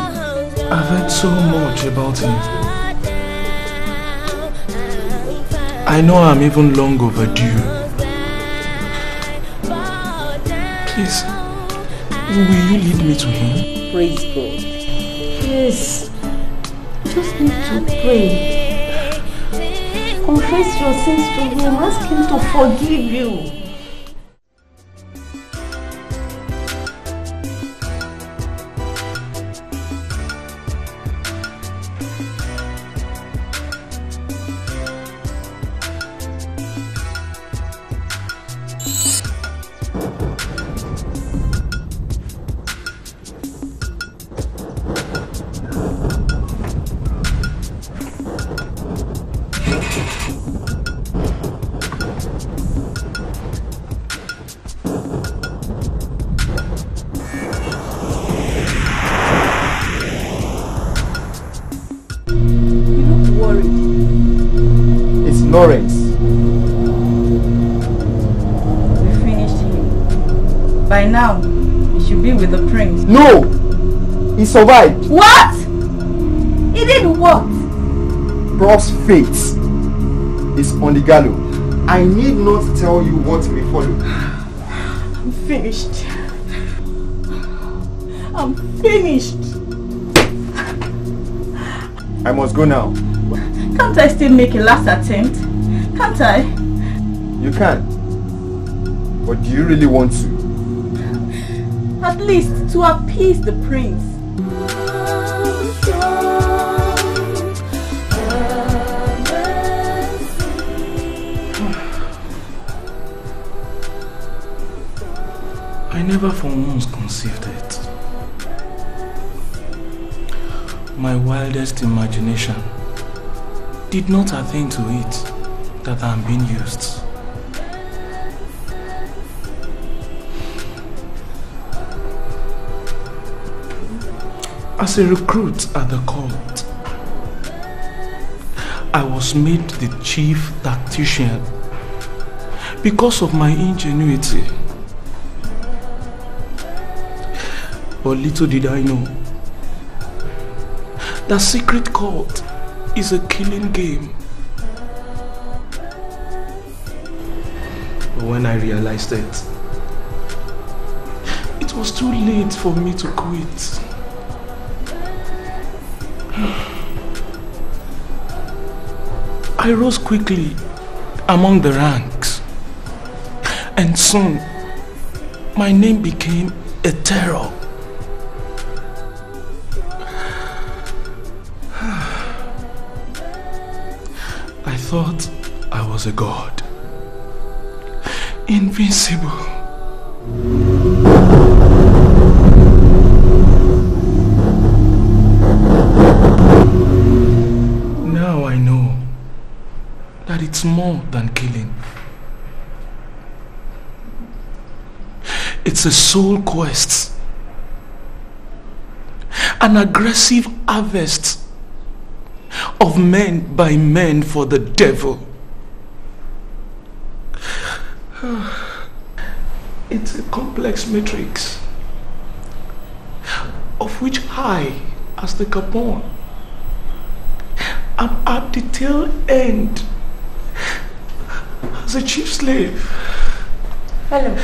I've heard so much about Him. I know I'm even long overdue. Please, will you lead me to Him? Praise God. Yes. just need to pray. Confess your sins to Him. Ask Him to forgive you. No! He survived. What? He did what? God's fate is on the gallows. I need not tell you what may follow. I'm finished. I'm finished. I must go now. Can't I still make a last attempt? Can't I? You can. But do you really want to? At least to appease the prince. I never for once conceived it. My wildest imagination did not attain to it that I'm being used. As a recruit at the court, I was made the chief tactician because of my ingenuity. But little did I know that secret court is a killing game. But when I realized it, it was too late for me to quit. I rose quickly among the ranks. And soon, my name became a terror. I thought I was a god. Invincible. It's a soul quest. An aggressive harvest of men by men for the devil. It's a complex matrix of which I, as the Capone, am at the tail end as a chief slave. Hello.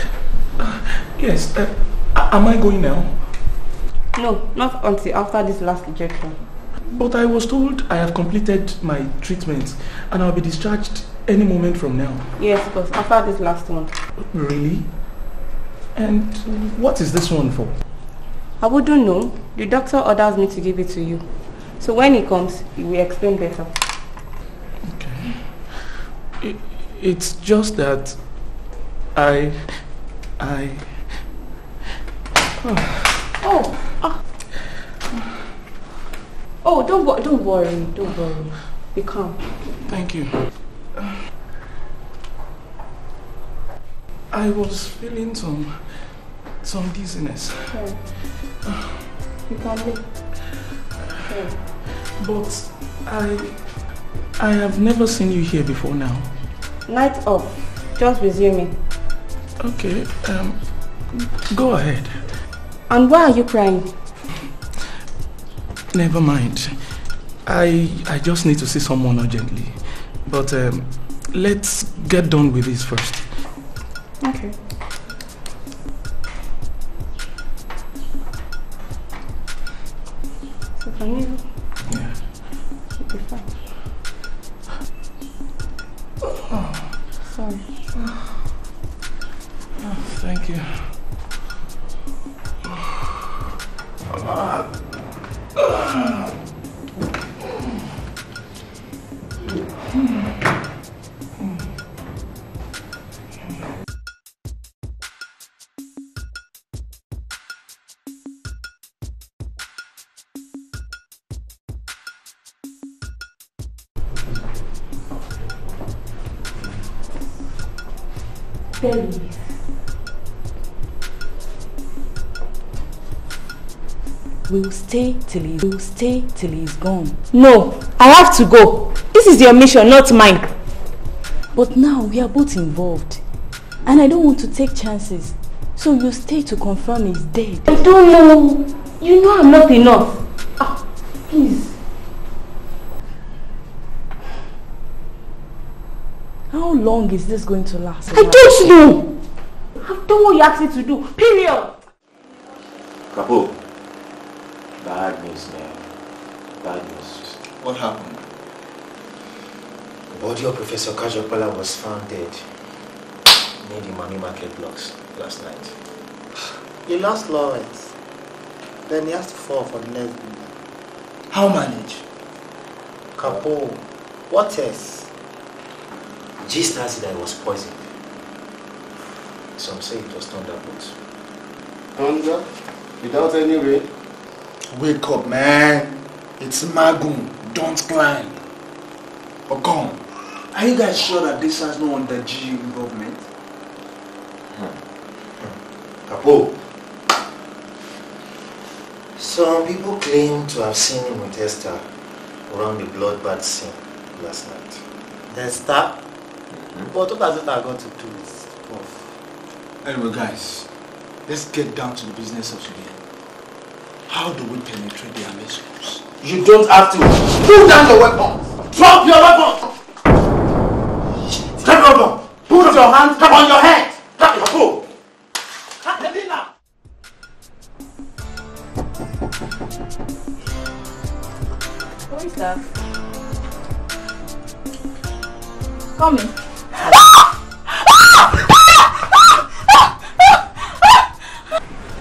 Yes. Uh, am I going now? No, not until after this last injection. But I was told I have completed my treatment and I'll be discharged any moment from now. Yes, because after this last one. Really? And what is this one for? I wouldn't know. The doctor orders me to give it to you. So when he comes, he will explain better. Okay. It, it's just that I... I oh. oh. Ah. Oh, don't don't worry, don't worry. Be calm. Thank you. I was feeling some some dizziness. Okay. You can leave. Okay. But I I have never seen you here before now. Night off. Just resuming. Okay. Um. Go ahead. And why are you crying? Never mind. I, I just need to see someone urgently. But um, let's get done with this first. Okay. So for you? Yeah. be fine. Oh. Sorry. Oh, thank you. Ah! Ah! will stay till he will stay till he's gone. No, I have to go. This is your mission, not mine. But now we are both involved. And I don't want to take chances. So you stay to confirm he's dead. I don't know. You know I'm not enough. Ah, please. How long is this going to last? I don't know. I've done what you asked me to do. Period. Kapo. Bad news, man. Bad news. What happened? The body of Professor Kajapala was found dead near the money market blocks last night. You lost Lawrence. Then he has to fall for the next one. How manage? Couple. What else? Just as that was poisoned. Some say it was thunderbolt. Thunder? Without any rain? Wake up, man. It's Magun. Don't climb. Or come. Are you guys sure that this has no under G involvement? Hmm. Capo. Some people claim to have seen him with Esther around the bloodbath scene last night. Esther? Mm-hmm. But what has it got to do with Anyway, guys, let's get down to the business of today. How do we penetrate their missiles? You don't have to. Put down your weapon. Drop your weapon. Shit. Drop your weapon. Put your hand on your head. Drop your fool. Who is that? Come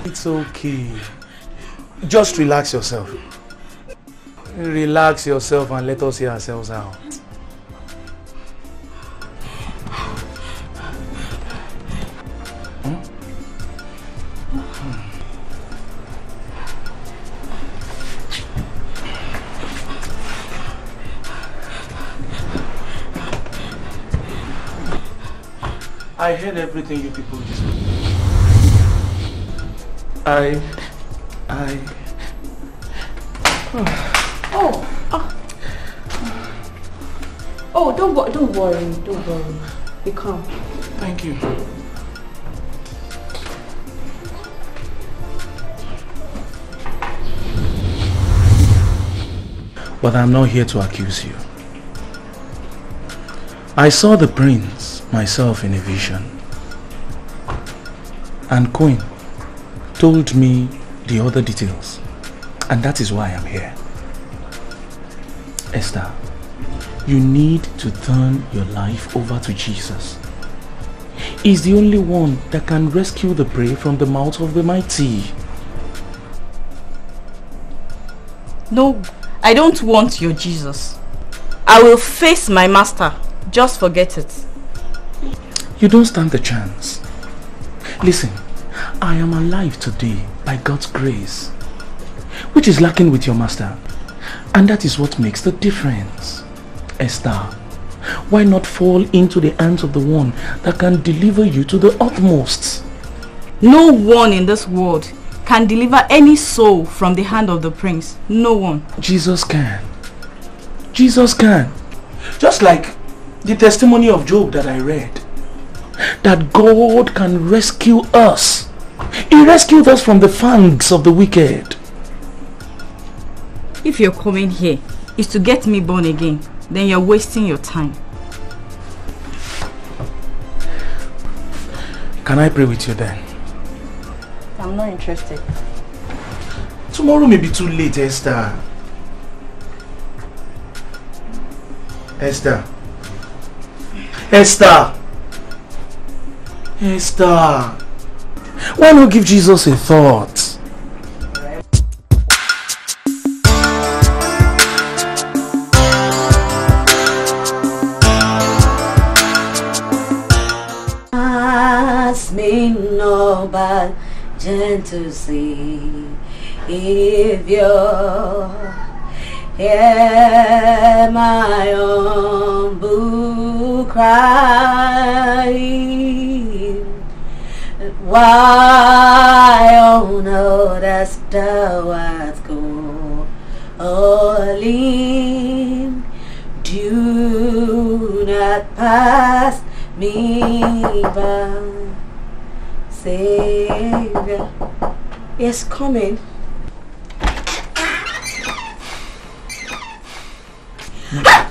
in. It's okay. Just relax yourself. Relax yourself and let us hear ourselves out. I heard everything you people discussed. I I. Oh. oh. Ah. Oh. don't don't worry, don't worry. Be calm. Thank you. But I'm not here to accuse you. I saw the prince myself in a vision. And Queen told me the other details. And that is why I'm here. Esther, you need to turn your life over to Jesus. He's the only one that can rescue the prey from the mouth of the mighty. No, I don't want your Jesus. I will face my master. Just forget it. You don't stand the chance. Listen, I am alive today by God's grace, which is lacking with your master. And that is what makes the difference. Esther, why not fall into the hands of the one that can deliver you to the utmost? No one in this world can deliver any soul from the hand of the prince. No one. Jesus can. Jesus can. Just like the testimony of Job that I read. That God can rescue us he rescued us from the fangs of the wicked. If you're coming here is to get me born again, then you're wasting your time. Can I pray with you then? I'm not interested. Tomorrow may be too late, Esther. Esther. Esther. Esther. Why not give Jesus a thought? Ask me no but gentle see if you're my own cry. Why, oh no, that's the what's calling. Do not pass me by, Save Yes, coming.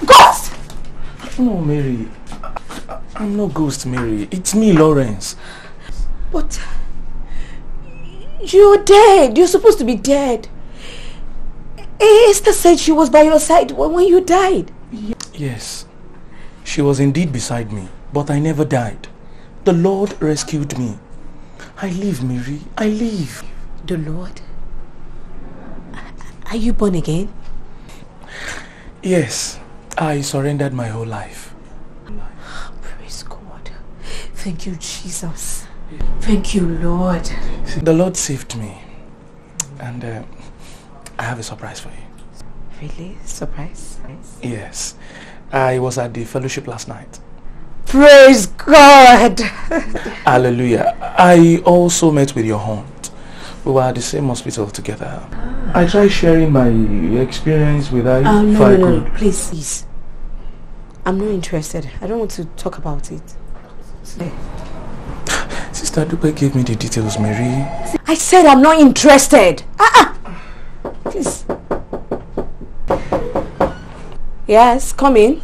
ghost! No, Mary. I'm no Ghost Mary. It's me, Lawrence. But you're dead. You're supposed to be dead. Esther said she was by your side when you died. Yes, she was indeed beside me, but I never died. The Lord rescued me. I live, Mary. I live. The Lord? Are you born again? Yes, I surrendered my whole life. Praise God. Thank you, Jesus. Thank you, Lord. The Lord saved me. And uh, I have a surprise for you. Really? Surprise? Yes. I was at the fellowship last night. Praise God! Hallelujah. I also met with your aunt. We were at the same hospital together. Ah. I tried sharing my experience with her. Oh, no, no, no, please, please. I'm not interested. I don't want to talk about it. Okay. Sister Dupe gave me the details, Mary. I said I'm not interested. Ah, ah. Please. Yes, come in.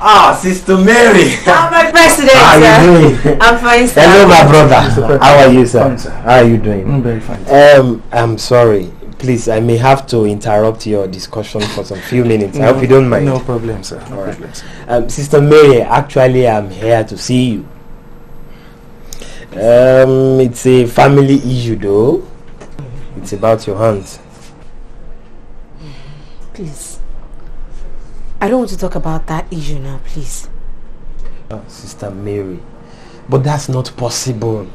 Ah, Sister Mary. I'm my president. How are you doing? I'm fine, sir. Hello, my brother. How are you, sir? Fine, sir. How are you doing? I'm very fine. Sir. Um, I'm sorry. Please, I may have to interrupt your discussion for some few minutes. No, I hope you don't mind. No problem, sir. No All problem, right. sir. Um, Sister Mary, actually, I'm here to see you. Um, it's a family issue though. It's about your hands. Please. I don't want to talk about that issue now, please. Ah, Sister Mary. But that's not possible.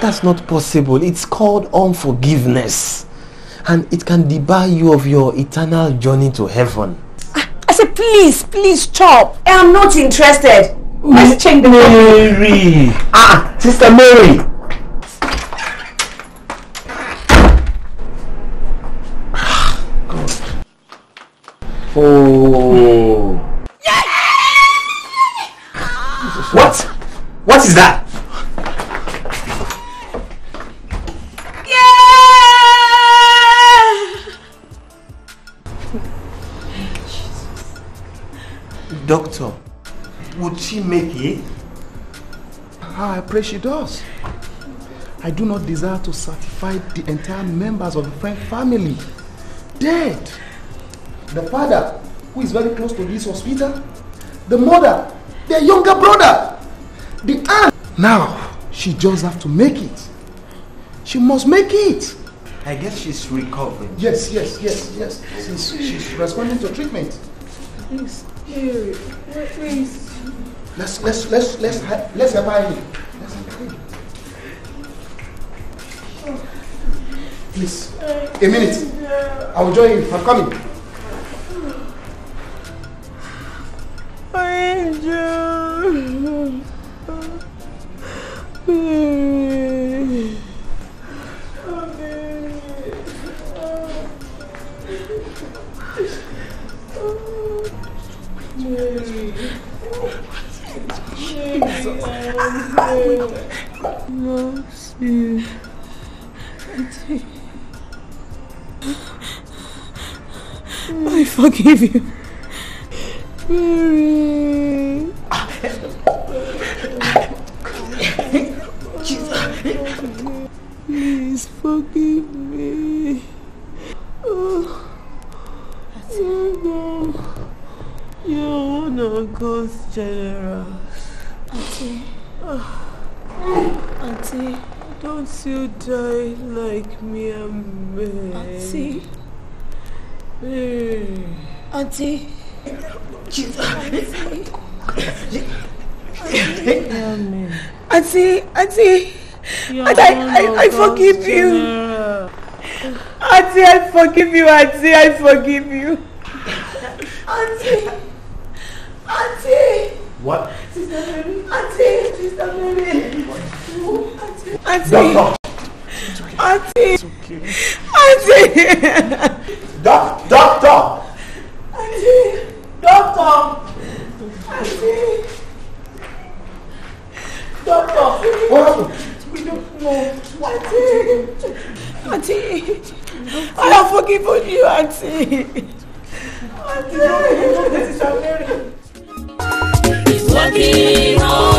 That's not possible. It's called unforgiveness. And it can debar you of your eternal journey to heaven. I, ah, I said, please, please stop. I am not interested. Let's the Mary. Ah, ah, Sister Mary. God. Oh. pray she does. I do not desire to certify the entire members of the Frank family dead. The father, who is very close to this hospital, the mother, their younger brother, the aunt. Now, she just have to make it. She must make it. I guess she's recovering. Yes, yes, yes, yes. She's, she's responding to treatment. Please, please. Let's, let's, let's, let's, let's have her in. please. A minute. I will join you. I'm coming. Angel. baby. Mercy. forgive you. Please forgive me. Oh, you know, you're one of God's generals. Auntie. Auntie. Don't you die like me and me. Auntie. àǹtí. àǹtí àǹtí àǹtí I, I forgive you àǹtí I forgive you àǹtí I forgive you àǹtí àǹtí. What? Sister Mary. Auntie, Sister Mary. Auntie. Doctor. Auntie. It's okay. Auntie. Doc, doctor. Auntie, doctor. Auntie. Doctor. What happened? We don't know. Auntie. Auntie. I have forgiven you, Auntie. Auntie. This is America. It's working on.